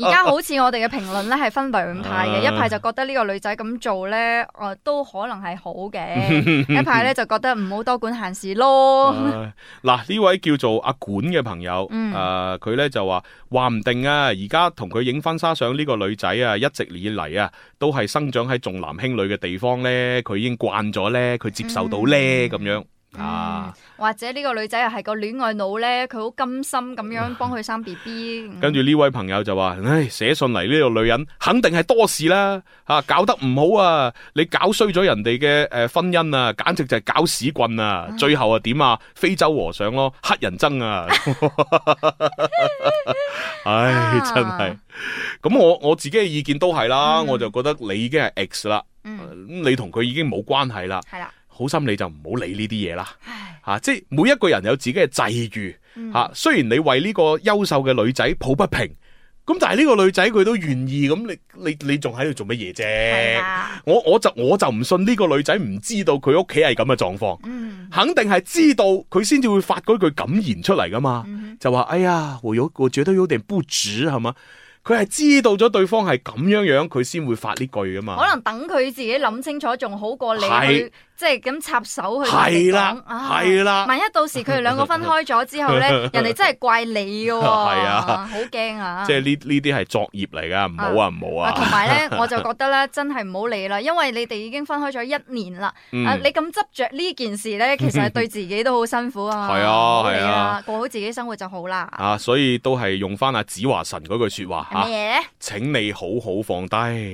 而家 *laughs* 好似我哋嘅評論咧，係分兩派嘅，啊、一派就覺得呢個女仔咁做咧，誒、啊、都可能係好嘅；嗯、一派咧 *laughs* 就覺得唔好多管閒事咯。嗱、啊，呢位叫做阿管嘅朋友，誒佢咧就話。話唔定啊，而家同佢影婚紗相呢個女仔啊，一直以嚟，啊，都係生長喺重男輕女嘅地方咧，佢已經慣咗咧，佢接受到咧咁樣。啊、嗯！或者呢個女仔又係個戀愛腦呢，佢好甘心咁樣幫佢生 B B。嗯、跟住呢位朋友就話：，唉、哎，寫信嚟呢個女人肯定係多事啦，吓、啊、搞得唔好啊！你搞衰咗人哋嘅誒婚姻啊，簡直就係搞屎棍啊！啊，最後啊點啊？非洲和尚咯，乞人憎啊！唉、 *laughs* *laughs* *laughs* 哎，真係。咁、嗯、我我自己嘅意見都係啦，我就覺得你已經係 X 啦，嗯、你同佢已經冇關係啦。好心你就唔好理呢啲嘢啦，吓、啊、即係每一個人有自己嘅際遇吓。雖然你為呢個優秀嘅女仔抱不平，咁但係呢個女仔佢都願意咁，你你你仲喺度做乜嘢啫？我就我就我就唔信呢個女仔唔知道佢屋企係咁嘅狀況，肯定係知道佢先至會發嗰句感言出嚟噶嘛，就話哎呀，我有我覺得有點不值係嘛。佢係知道咗對方係咁樣樣，佢先會發呢句噶嘛？可能等佢自己諗清楚，仲好過你即係咁插手去等等。係啦，係啦，萬一到時佢哋兩個分開咗之後咧，人哋真係怪你噶喎。係啊，好驚啊！即係呢呢啲係作業嚟噶，唔好啊，唔好啊。同埋咧，我就覺得咧，真係唔好理啦，因為你哋已經分開咗一年啦。啊，你咁執着呢件事咧，其實係對自己都好辛苦啊。係啊，係啊，過好自己生活就好啦。啊，所以都係用翻阿子華神嗰句説話。咩咧？請你好好放低。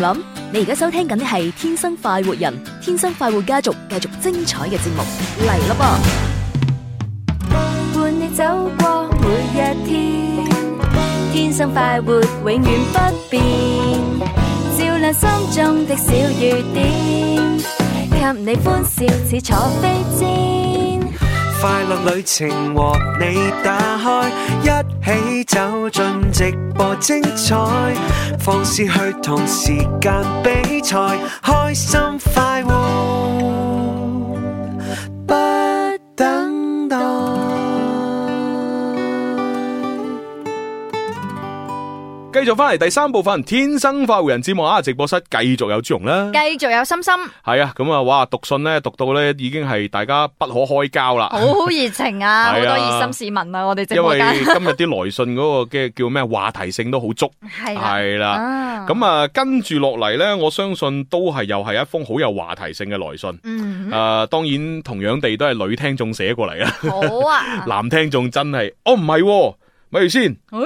諗，你而家收聽緊嘅係《天生快活人》，天生快活家族繼續精彩嘅節目嚟啦噃！伴你走過每一天，天生快活永遠不變，照亮心中的小雨點，給你歡笑似坐飛氈。快樂旅程和你打開，一起走進直播精彩，放肆去同時間比賽，開心快活，不等。繼續翻嚟第三部分《天生快活人》節目。啊！直播室繼續有朱蓉啦，繼續有心心。係啊，咁啊，哇！讀信咧，讀到咧，已經係大家不可開交啦，好熱情啊，好、 *laughs* 啊、多熱心市民啊，我哋因為今日啲來信嗰個嘅叫咩話題性都好足，係啦，咁啊，跟住落嚟咧，我相信都係又係一封好有話題性嘅來信。誒、嗯哼啊，當然同樣地都係女聽眾寫過嚟啊。好啊， *laughs* 男聽眾真係，哦唔係，咪先、啊。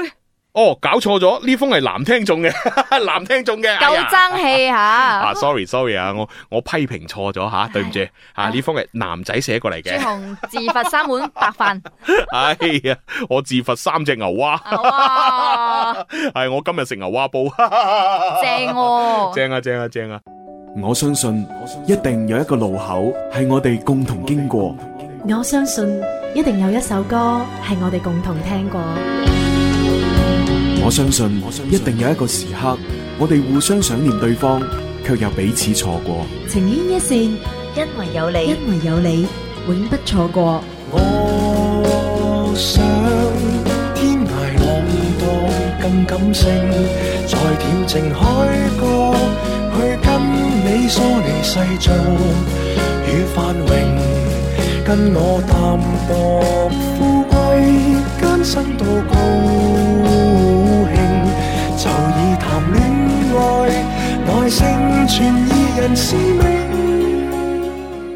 哦，搞錯咗，呢封係男聽眾嘅，男聽眾嘅，夠爭氣吓。啊，sorry，sorry 啊，我我批評錯咗吓，對唔住吓，呢封係男仔寫過嚟嘅。自罰三碗白飯。哎呀，我自罰三隻牛蛙。係我今日食牛蛙煲。正，正啊，正啊，正啊！我相信一定有一個路口係我哋共同經過。我相信一定有一首歌係我哋共同聽過。我相信，我相信一定有一個時刻，我哋互相想念對方，卻又彼此錯過。情牽一線，因為有你，因為有你，永不錯過。我想天涯浪蕩更感性，在恬靜海角去跟你梳理世俗與繁榮，跟我淡薄，富貴，艱辛度過。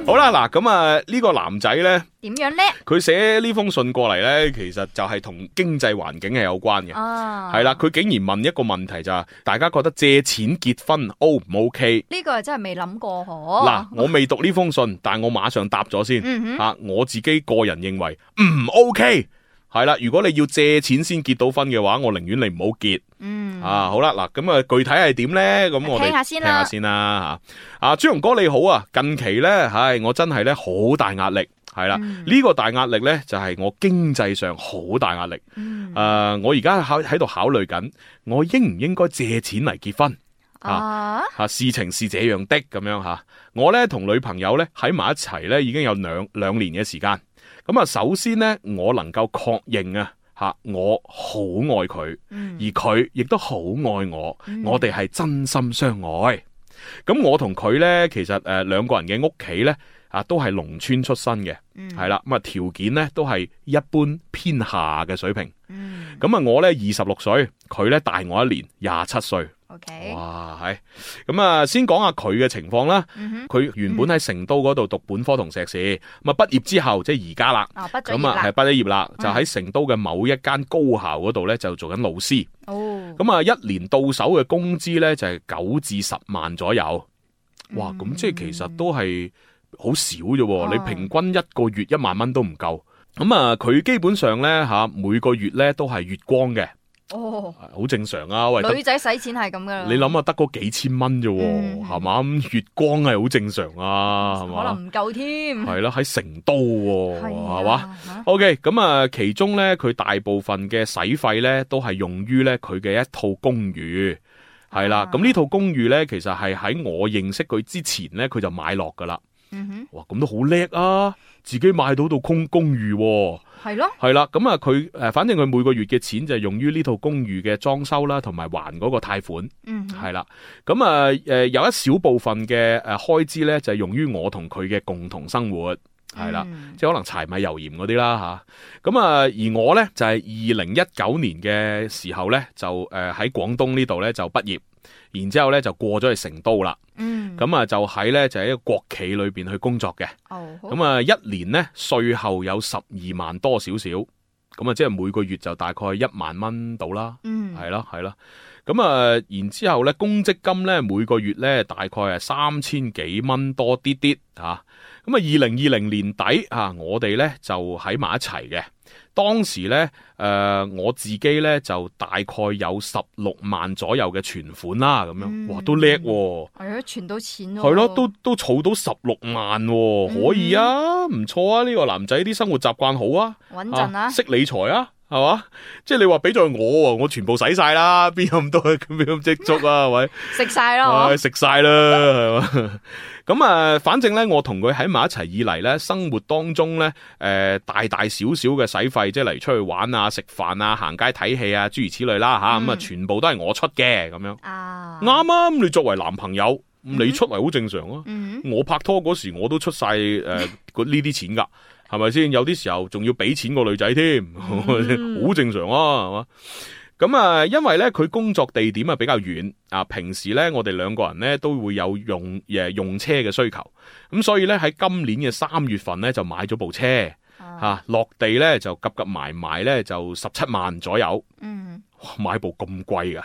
好啦，嗱咁啊，呢個男仔呢？點樣咧？佢寫呢封信過嚟呢，其實就係同經濟環境係有關嘅。啊，係啦，佢竟然問一個問題就係、是，大家覺得借錢結婚 O 唔 OK？呢個係真係未諗過。嗱，我未讀呢封信， *laughs* 但我馬上答咗先。嗯哼，啊，我自己個人認為唔 OK。係啦，如果你要借錢先結到婚嘅話，我寧願你唔好結。嗯，啊好啦，嗱咁啊，具體係點咧？咁我哋聽下先啦，吓啊，朱雄哥你好啊，近期咧，唉，我真係咧好大壓力，係啦，呢、嗯、個大壓力咧就係、是、我經濟上好大壓力。誒、嗯啊，我而家考喺度考慮緊，我應唔應該借錢嚟結婚？啊啊，事情是這樣的咁樣吓、啊，我咧同女朋友咧喺埋一齊咧已經有兩兩年嘅時間。咁啊，首先咧，我能夠確認啊，吓我好愛佢，嗯、而佢亦都好愛我，嗯、我哋係真心相愛。咁我同佢咧，其實誒，兩個人嘅屋企咧，啊，都係農村出身嘅，係啦、嗯，咁啊，條件咧都係一般偏下嘅水平。咁啊、嗯，我咧二十六歲，佢咧大我一年，廿七歲。O Okay . K，哇，係咁啊！先講下佢嘅情況啦。佢、mm hmm. 原本喺成都嗰度讀本科同碩士，咁啊畢業之後即係而家啦，咁啊係畢咗業啦，就喺成都嘅某一間高校嗰度咧就做緊老師。哦，咁啊一年到手嘅工資咧就係九至十萬左右。哇，咁即係其實都係好少啫，mm hmm. 你平均一個月一萬蚊都唔夠。咁啊、mm，佢、hmm. 嗯、基本上咧吓每個月咧都係月光嘅。哦，好正常啊！喂，女仔使錢係咁噶啦。你諗下，得嗰幾千蚊啫、啊，係嘛、嗯？咁月光係好正常啊，係嘛、嗯？吧可能唔夠添。係啦、啊，喺成都，係嘛？OK，咁啊，其中咧，佢大部分嘅使費咧，都係用於咧佢嘅一套公寓，係啦。咁呢、嗯、套公寓咧，其實係喺我認識佢之前咧，佢就買落噶啦。嗯哼，哇，咁都好叻啊！自己買到套空公寓，啊，係咯，係啦。咁啊，佢誒，反正佢每個月嘅錢就係用於呢套公寓嘅裝修啦，同埋還嗰個貸款。嗯哼，係啦。咁啊，誒、呃，有一小部分嘅誒開支咧，就係用於我同佢嘅共同生活。係啦，嗯、即係可能柴米油鹽嗰啲啦吓。咁啊，而我咧就係二零一九年嘅時候咧，就誒喺廣東呢度咧就畢業。然之後咧就過咗去成都啦，咁、嗯、啊就喺咧就喺一個國企裏邊去工作嘅。咁、哦、啊一年咧稅後有十二萬多少少，咁啊即係每個月就大概一萬蚊到啦，係啦係啦，咁啊然之後咧公積金咧每個月咧大概係三千幾蚊多啲啲吓，咁啊二零二零年底啊我哋咧就喺埋一齊嘅。當時咧，誒、呃、我自己咧就大概有十六萬左右嘅存款啦，咁樣，哇、嗯、都叻喎、啊，係咯、哎啊啊、存到錢、啊，係咯都都儲到十六萬，可以啊，唔錯啊，呢、這個男仔啲生活習慣好啊，穩陣啦，識理財啊，係嘛？嗯、即係你話俾咗我、啊，我全部使晒啦，邊有咁多咁樣積蓄啊？係咪？食晒咯，食晒啦，係嘛？咁啊、嗯，反正咧，我同佢喺埋一齊以嚟咧，生活當中咧，誒、呃，大大小小嘅使費，即係嚟出去玩啊、食飯啊、行街睇戲啊，諸如此類啦吓，咁啊，嗯、全部都係我出嘅，咁樣啊，啱啱、啊、你作為男朋友，嗯、哼你出嚟好正常啊。嗯、哼我拍拖嗰時我都出晒誒，呃、 *laughs* 是是呢啲錢噶，係咪先？有啲時候仲要俾錢個女仔添，好 *laughs* 正常啊，係嘛。咁啊、嗯，因為咧佢工作地點啊比較遠，啊平時咧我哋兩個人咧都會有用誒、啊、用車嘅需求，咁所以咧喺今年嘅三月份咧就買咗部車，吓、啊、落地咧就夾夾埋埋咧就十七萬左右，嗯，買部咁貴㗎，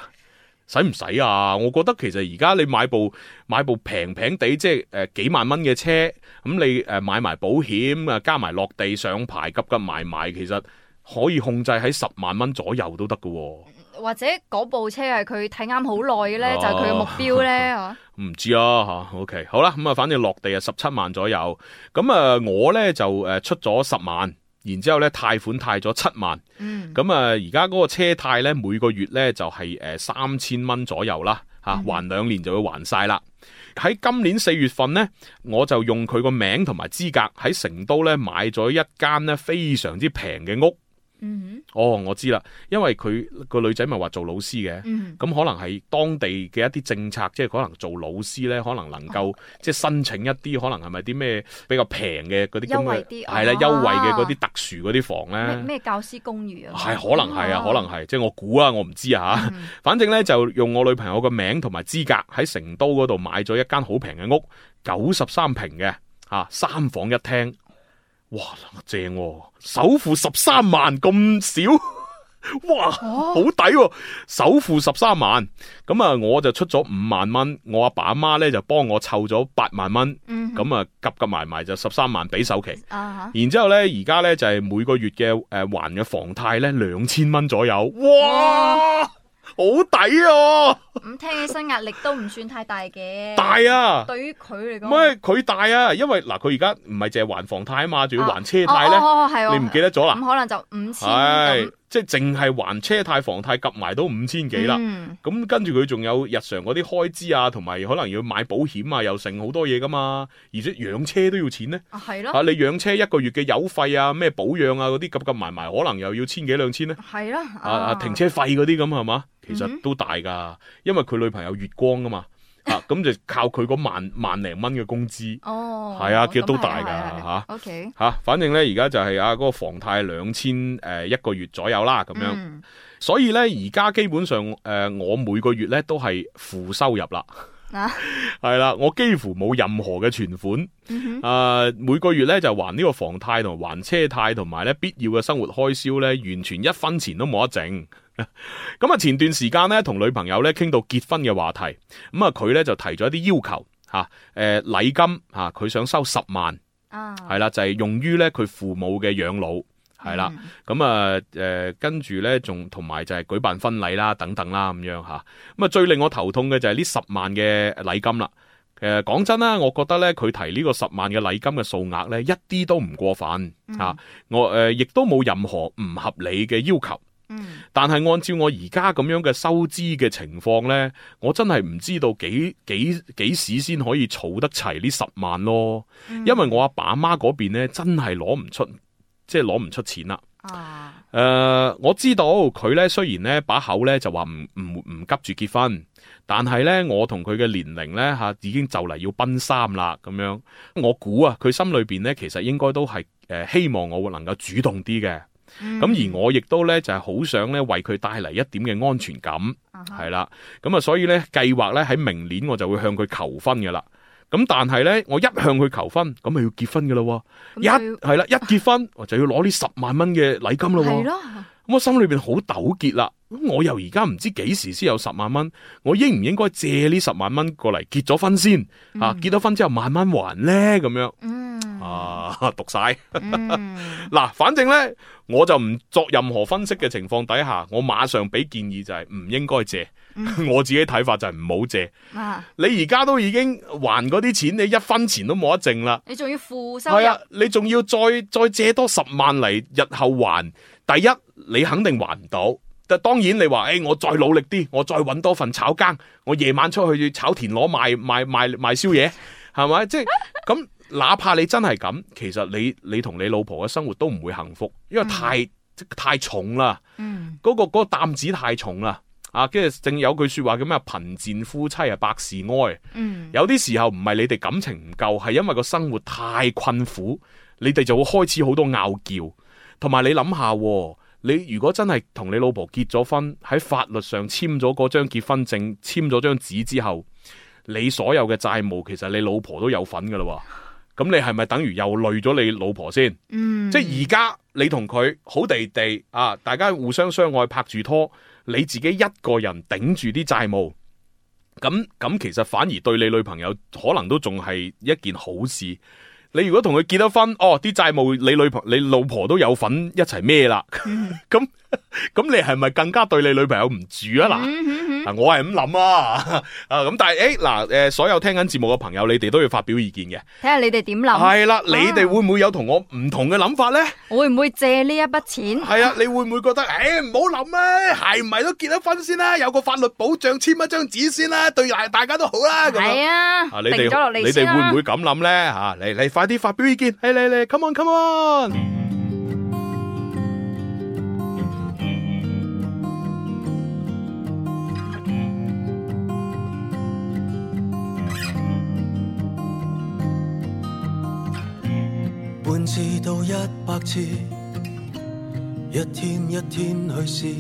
使唔使啊？我覺得其實而家你買部買部平平哋即係誒幾萬蚊嘅車，咁、啊、你誒買埋保險啊加埋落地上牌夾夾埋埋，其實，可以控制喺十萬蚊左右都得嘅，哦，或者部車係佢睇啱好耐嘅咧，啊、就係佢嘅目標咧吓。唔 *laughs* 知啊吓，OK 好啦，咁啊，反正落地啊十七萬左右，咁啊我咧就誒出咗十萬，然之後咧貸款貸咗七萬，嗯，咁啊而家嗰個車貸咧每個月咧就係誒三千蚊左右啦，吓、嗯、還兩年就會還晒啦。喺今年四月份咧，我就用佢個名同埋資格喺成都咧買咗一間咧非常之平嘅屋。嗯哦，我知啦，因為佢個女仔咪話做老師嘅，咁、嗯、哼可能係當地嘅一啲政策，即係可能做老師咧，可能能夠、啊、即係申請一啲，可能係咪啲咩比較平嘅嗰啲優惠啲，係啦對，優、啊、惠嘅嗰啲特殊嗰啲房咧，咩教師公寓啊，係可能係啊，可能係、啊嗯啊啊，即係我估啊，我唔知啊，吓，反正咧就用我女朋友個名同埋資格喺成都嗰度買咗一間好平嘅屋，九十三平嘅，吓三房一廳。一哇，咁正、啊，首付十三萬咁少，哇，哦、好抵喎、啊！首付十三萬，咁啊，我就出咗五萬蚊，我阿爸阿媽呢就幫我湊咗八萬蚊，咁啊、嗯哼，夾夾埋埋就十三萬俾首期，啊、哈然之後咧，而家呢就係、是、每個月嘅誒、呃、還嘅房貸呢兩千蚊左右，哇！哦哇好抵啊！咁聽起身壓力都唔算太大嘅。大啊！對於佢嚟講，唔係佢大啊，因為嗱，佢而家唔係淨係還房貸啊嘛，仲要還車貸咧。你唔記得咗啦？咁、嗯、可能就五千係。即係淨係還車貸、房貸，夾埋都五千幾啦。咁、嗯、跟住佢仲有日常嗰啲開支啊，同埋可能要買保險啊，又剩好多嘢噶嘛。而且養車都要錢咧，啊係咯，啊你養車一個月嘅油費啊、咩保養啊嗰啲，夾夾埋埋可能又要千幾兩千咧。係啦，啊啊停車費嗰啲咁係嘛，其實都大㗎，嗯、因為佢女朋友月光㗎嘛。 *laughs* 啊，咁就靠佢嗰萬萬零蚊嘅工資，係、哦、啊，其實都大噶吓，吓、嗯嗯啊，反正咧而家就係啊嗰、那個房貸兩千誒一個月左右啦，咁樣，嗯、所以咧而家基本上誒、呃、我每個月咧都係負收入啦，係啦、啊 *laughs* 啊，我幾乎冇任何嘅存款，啊、嗯哼呃，每個月咧就還呢個房貸同還，還車貸同埋咧必要嘅生活開銷咧，完全一分錢都冇得剩。咁啊，前段時間咧，同女朋友咧傾到結婚嘅話題，咁、嗯、啊，佢咧就提咗一啲要求吓，誒、啊，禮金吓，佢想收十萬，係、oh. 啦，就係、是、用於咧佢父母嘅養老，係啦，咁、mm. 嗯、啊，誒，跟住咧仲同埋就係舉辦婚禮啦，等等啦，咁樣吓，咁啊，最令我頭痛嘅就係呢十萬嘅禮金啦，誒、啊，講真啦，我覺得咧佢提個呢個十萬嘅禮金嘅數額咧一啲都唔過分吓，啊 mm. 我誒亦、呃、都冇任何唔合理嘅要求。但係按照我而家咁樣嘅收支嘅情況呢，我真係唔知道幾幾幾時先可以儲得齊呢十萬咯。因為我阿爸阿媽嗰邊呢，真係攞唔出，即係攞唔出錢啦。誒、呃，我知道佢呢，雖然呢把口呢就話唔唔唔急住結婚，但係呢，我同佢嘅年齡呢，吓、啊、已經就嚟要奔三啦，咁樣我估啊，佢心裏邊呢，其實應該都係誒、呃、希望我能夠主動啲嘅。咁、嗯、而我亦都咧就係、是、好想咧為佢帶嚟一點嘅安全感係啦，咁啊、嗯嗯、所以咧計劃咧喺明年我就會向佢求婚嘅啦。咁但係咧我一向佢求婚，咁咪要結婚噶啦？嗯、一係啦，一結婚、啊、我就要攞呢十萬蚊嘅禮金咯。係咯、嗯，咁我心裏邊好糾結啦。咁我又而家唔知幾時先有十萬蚊，我應唔應該借呢十萬蚊過嚟結咗婚先？吓，結咗婚之後慢慢還咧咁樣。嗯，啊讀晒。嗱、嗯，嗯、反正咧。我就唔作任何分析嘅情況底下，我馬上俾建議就係唔應該借。嗯、 *laughs* 我自己睇法就係唔好借。啊、你而家都已經還嗰啲錢，你一分錢都冇得剩啦。你仲要負收入？係啊，你仲要再再借多十萬嚟日後還？第一，你肯定還唔到。但當然你，你話誒，我再努力啲，我再揾多份炒更，我夜晚出去炒田螺賣賣賣賣，賣，賣宵夜，係咪？即係咁。 *laughs* 哪怕你真係咁，其實你你同你老婆嘅生活都唔會幸福，因為太、嗯、太，太重啦。嗯，嗰、嗰個擔、嗰個、子太重啦。啊，跟住正有句説話叫咩？貧賤夫妻啊，百事哀。嗯、有啲時候唔係你哋感情唔夠，係因為個生活太困苦，你哋就會開始好多拗撬。同埋你諗下，你如果真係同你老婆結咗婚，喺法律上簽咗嗰張結婚證，簽咗張紙之後，你所有嘅債務其實你老婆都有份㗎啦。咁你係咪等於又累咗你老婆先？嗯，即係而家你同佢好地地啊，大家互相相愛，拍住拖，你自己一個人頂住啲債務，咁咁其實反而對你女朋友可能都仲係一件好事。你如果同佢結咗婚，哦，啲債務你女朋友、你老婆都有份一齊孭啦，咁咁你係咪更加對你女朋友唔住啊？嗱，嗱，我係咁諗啊，啊咁，但係誒嗱，誒所有聽緊節目嘅朋友，你哋都要發表意見嘅，睇下你哋點諗，係啦，你哋會唔會有同我唔同嘅諗法咧？會唔會借呢一筆錢？係啊，你會唔會覺得誒唔好諗啊？係唔係都結咗婚先啦？有個法律保障，簽一張紙先啦，對大大家都好啦。係啊，定咗落嚟先啦。你哋會唔會咁諗咧？吓，你你翻。快啲發表意見，嚟嚟嚟，Come on，Come on！Come on。半次到一百次，一天一天去試，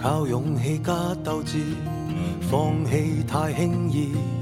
靠勇氣加鬥志，放棄太輕易。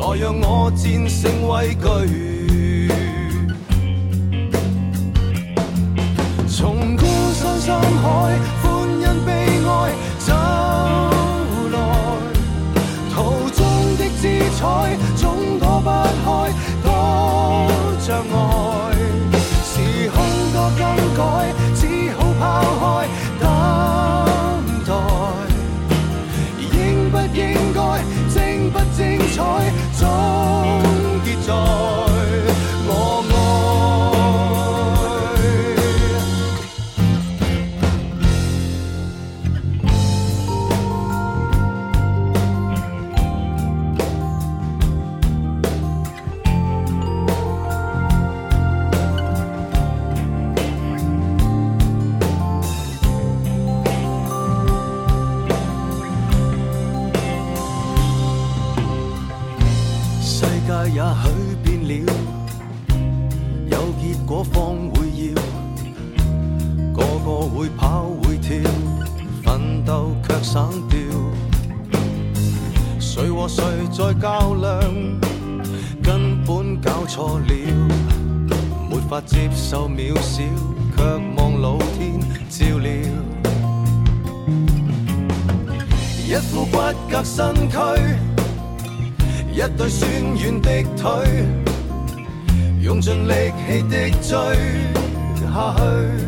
來，讓我戰勝畏懼。從孤身山海。會跑會跳，奮鬥卻省掉。誰和誰在較量？根本搞錯了，沒法接受渺小，卻望老天照料。 *noise* 一副骨骼身軀，一對酸軟的腿，用盡力氣的追下去。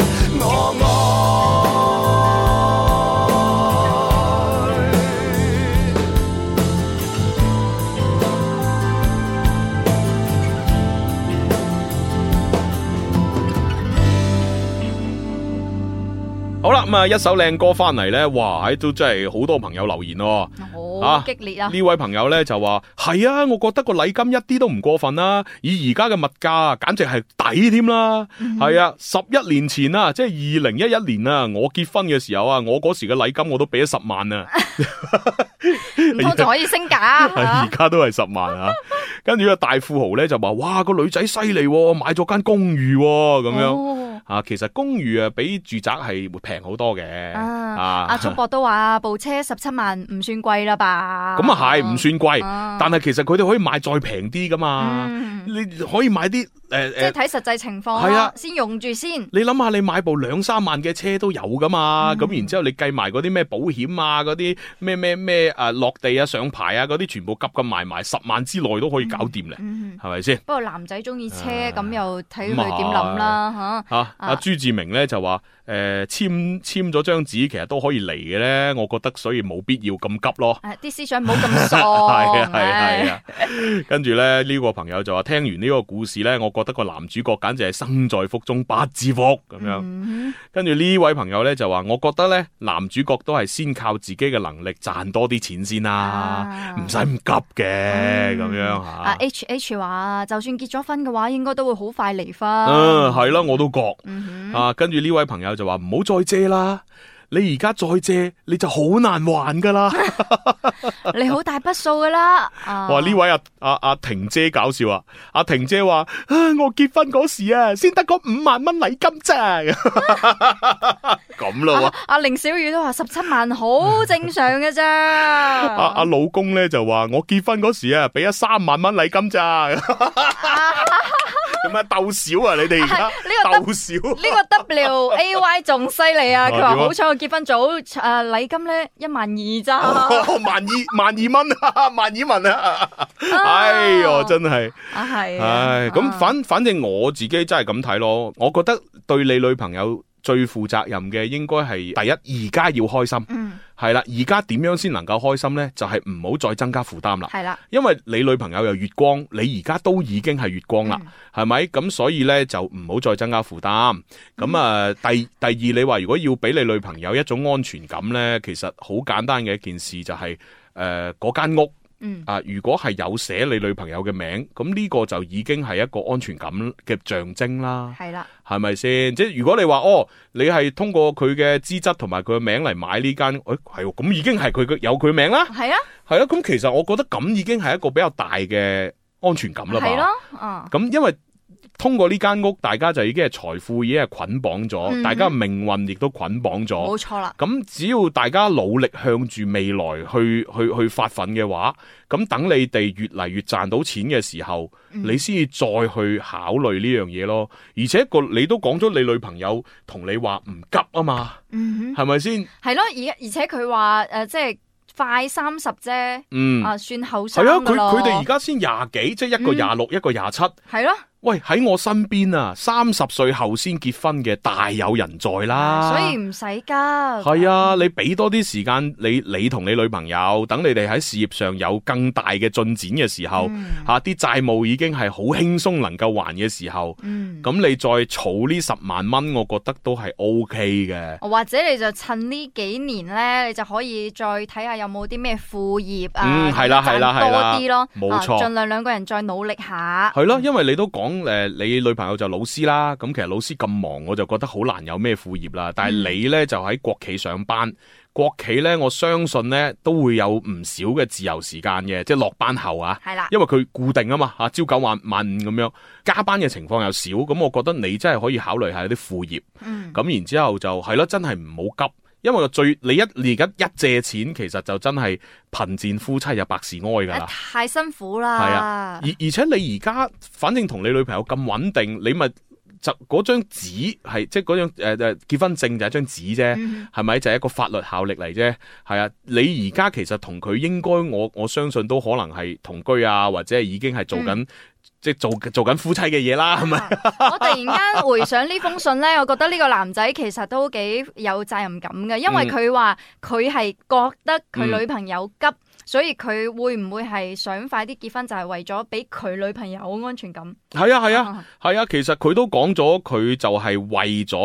咁啊，一首靚歌翻嚟咧，哇！都真係好多朋友留言哦，好激烈啊！呢、啊、位朋友咧就話係啊，我覺得個禮金一啲都唔過分啦，以而家嘅物價簡直係抵添啦。係、嗯、哼啊，十一年前啊，即係二零一一年啊，我結婚嘅時候啊，我嗰時嘅禮金我都俾咗十萬啊，唔通仲可以升價，而家都係十萬啊！跟住個大富豪咧就話哇，個女仔犀利，買咗間公寓咁、哦、樣、哦、啊！其實公寓啊，比住宅係平好多。多嘅啊！阿叔博都話部車十七萬唔算貴啦吧？咁啊係唔算貴，但係其實佢哋可以買再平啲噶嘛？你可以買啲誒即係睇實際情況咯，先用住先。你諗下，你買部兩三萬嘅車都有噶嘛？咁然之後你計埋嗰啲咩保險啊，嗰啲咩咩咩誒落地啊、上牌啊嗰啲，全部夾咁埋埋，十萬之內都可以搞掂咧，係咪先？不過男仔中意車咁，又睇佢點諗啦吓。啊，阿朱志明咧就話。誒，簽簽咗張紙其實都可以嚟嘅咧，我覺得所以冇必要咁急咯。啲思想唔好咁傻，係啊係啊，啊啊啊 *laughs* 跟住咧呢、這個朋友就話聽完呢個故事咧，我覺得個男主角簡直係生在福中八字福咁樣。Mm hmm. 跟住呢位朋友咧就話，我覺得咧男主角都係先靠自己嘅能力賺多啲錢先啦，啊，唔使咁急嘅咁樣吓。啊、mm hmm. uh,，H H 話就算結咗婚嘅話，應該都會好快離婚。嗯、啊，係啦，我都覺。Mm hmm. 啊，跟住呢位朋友。就話唔好再借啦，你而家再借你就好難還噶啦 *laughs* 你好大筆數噶啦。我話呢位啊，阿阿婷姐搞笑啊，阿、啊、婷姐話、啊：，我結婚嗰時啊，先得嗰五萬蚊禮金咋。咁咯，阿寧小雨都話十七萬好正常噶啫、 *laughs* *laughs* 啊。阿、啊、阿老公咧就話我結婚嗰時啊，俾咗三萬蚊禮金咋。 *laughs* *laughs* 唔係斗少啊！你哋而家，呢個斗少呢個 WAY 仲犀利啊！佢話好彩我結婚早，誒、呃，禮金咧一萬二咋，萬二萬二蚊啊，萬二蚊？啊！哎呀、啊，真係啊係，唉，咁反、啊、反正我自己真係咁睇咯，我覺得對你女朋友。最負責任嘅應該係第一，而家要開心，係啦、嗯。而家點樣先能夠開心呢？就係唔好再增加負擔啦。係啦，因為你女朋友又月光，你而家都已經係月光啦，係咪、嗯？咁所以呢，就唔好再增加負擔。咁啊，第第二，你話如果要俾你女朋友一種安全感呢？其實好簡單嘅一件事就係誒嗰間屋。嗯，啊，如果係有寫你女朋友嘅名，咁呢個就已經係一個安全感嘅象徵啦。係啦的，係咪先？即係如果你話哦，你係通過佢嘅資質同埋佢嘅名嚟買呢間，誒、哎，係，咁已經係佢嘅有佢名啦。係啊的，係啊。咁、嗯、其實我覺得咁已經係一個比較大嘅安全感啦。係咯，咁、嗯、因為。通過呢間屋，大家就已經係財富已經係捆綁咗，嗯、哼大家命運亦都捆綁咗，冇錯啦。咁只要大家努力向住未來去去去發奮嘅話，咁等你哋越嚟越賺到錢嘅時候，你先至再去考慮呢樣嘢咯。而且個你都講咗，你女朋友同你話唔急啊嘛，係咪先？係咯，而而且佢話誒，即係快三十啫，嗯啊，算後生係咯。佢佢哋而家先廿幾，即係一個廿六，一個廿七，係咯。喂，喺我身邊啊，三十歲後先結婚嘅大有人在啦，所以唔使急。係啊，你俾多啲時間你你同你女朋友，等你哋喺事業上有更大嘅進展嘅時候，吓啲債務已經係好輕鬆能夠還嘅時候，咁、嗯、你再儲呢十萬蚊，我覺得都係 O K 嘅。或者你就趁呢幾年呢，你就可以再睇下有冇啲咩副業啊，係啦、係啦、係啦、嗯、多啲咯，冇錯、啊，儘量兩個人再努力下。係咯、嗯，因為你都講。咁誒，你女朋友就老師啦。咁其實老師咁忙，我就覺得好難有咩副業啦。但係你咧就喺國企上班，國企咧我相信咧都會有唔少嘅自由時間嘅，即係落班後啊。係啦的，因為佢固定啊嘛，啊朝九晚晚五咁樣，加班嘅情況又少。咁我覺得你真係可以考慮下啲副業。嗯。咁然之後就係咯，真係唔好急。因為最你一你而家一借錢，其實就真係貧賤夫妻就百事哀噶啦，太辛苦啦。係啊，而而且你而家反正同你女朋友咁穩定，你咪。就嗰張紙即係嗰張誒誒、呃、結婚證就一張紙啫，係咪、嗯、就係、係、一個法律效力嚟啫？係啊，你而家其實同佢應該我我相信都可能係同居啊，或者係已經係做緊、嗯、即係做做緊夫妻嘅嘢啦，係咪？嗯、 *laughs* 我突然間回想呢封信咧，我覺得呢個男仔其實都幾有責任感嘅，因為佢話佢係覺得佢女朋友急。嗯所以佢會唔會係想快啲結婚，就係為咗俾佢女朋友安全感？係啊係啊係啊，啊，其實佢都講咗，佢就係為咗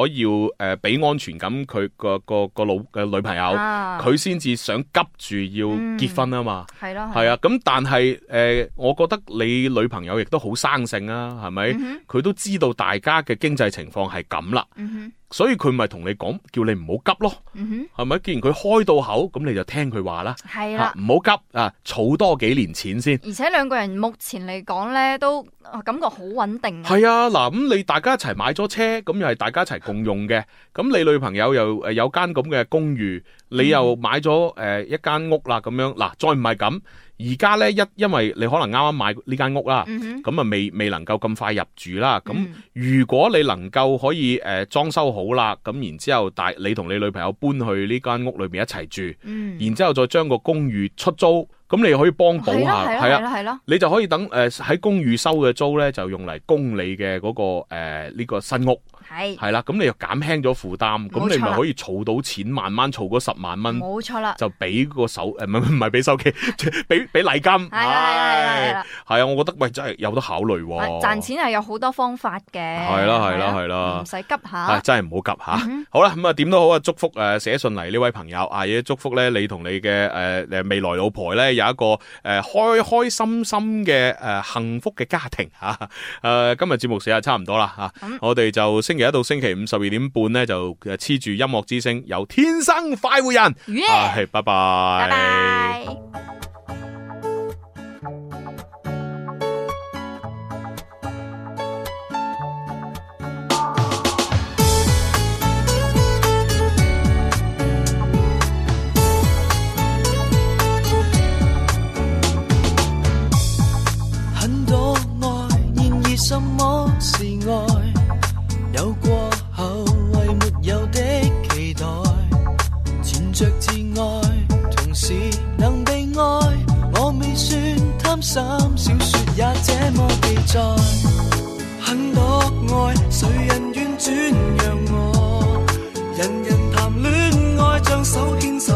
要誒俾安全感，佢個個個老嘅女朋友，佢先至想急住要結婚啊嘛。係咯、嗯，係啊。咁但係誒、呃，我覺得你女朋友亦都好生性啊，係咪？佢、嗯、哼都知道大家嘅經濟情況係咁啦。嗯所以佢咪同你講，叫你唔好急咯，係咪、嗯哼？既然佢開到口，咁你就聽佢話啦，係啊，唔好急啊，儲多幾年錢先。而且兩個人目前嚟講咧都。啊，感覺好穩定啊！係啊，嗱，咁你大家一齊買咗車，咁又係大家一齊共用嘅。咁你女朋友又誒有間咁嘅公寓，你又買咗誒、呃、一間屋啦。咁樣嗱、啊，再唔係咁，而家咧一因為你可能啱啱買呢間屋啦，咁啊未未能夠咁快入住啦。咁如果你能夠可以誒、呃、裝修好啦，咁然之後大你同你女朋友搬去呢間屋裏面一齊住，嗯、然之後再將個公寓出租。咁你可以幫補下，係啊，你就可以等誒喺公寓收嘅租咧，就用嚟供你嘅嗰個誒呢個新屋，係係啦，咁你又減輕咗負擔，咁你咪可以儲到錢，慢慢儲嗰十萬蚊，冇錯啦，就俾個手誒唔唔係俾手機，俾俾禮金，係啦係啦啊，我覺得喂真係有得考慮喎，賺錢係有好多方法嘅，係啦係啦係啦，唔使急下，真係唔好急吓，好啦，咁啊點都好啊，祝福誒寫信嚟呢位朋友啊，嘢祝福咧你同你嘅誒誒未來老婆咧。有一個誒、呃、開開心心嘅誒、呃、幸福嘅家庭吓，誒、啊呃、今日節目時間差唔多啦吓，嗯、我哋就星期一到星期五十二點半咧就黐住音樂之聲，由天生快活人，係、嗯哎，拜拜。拜拜拜拜着自愛，同時能被愛。我未算貪心，小說也這麼記載。很多愛，誰人願轉讓我？人人談戀愛，像手牽手。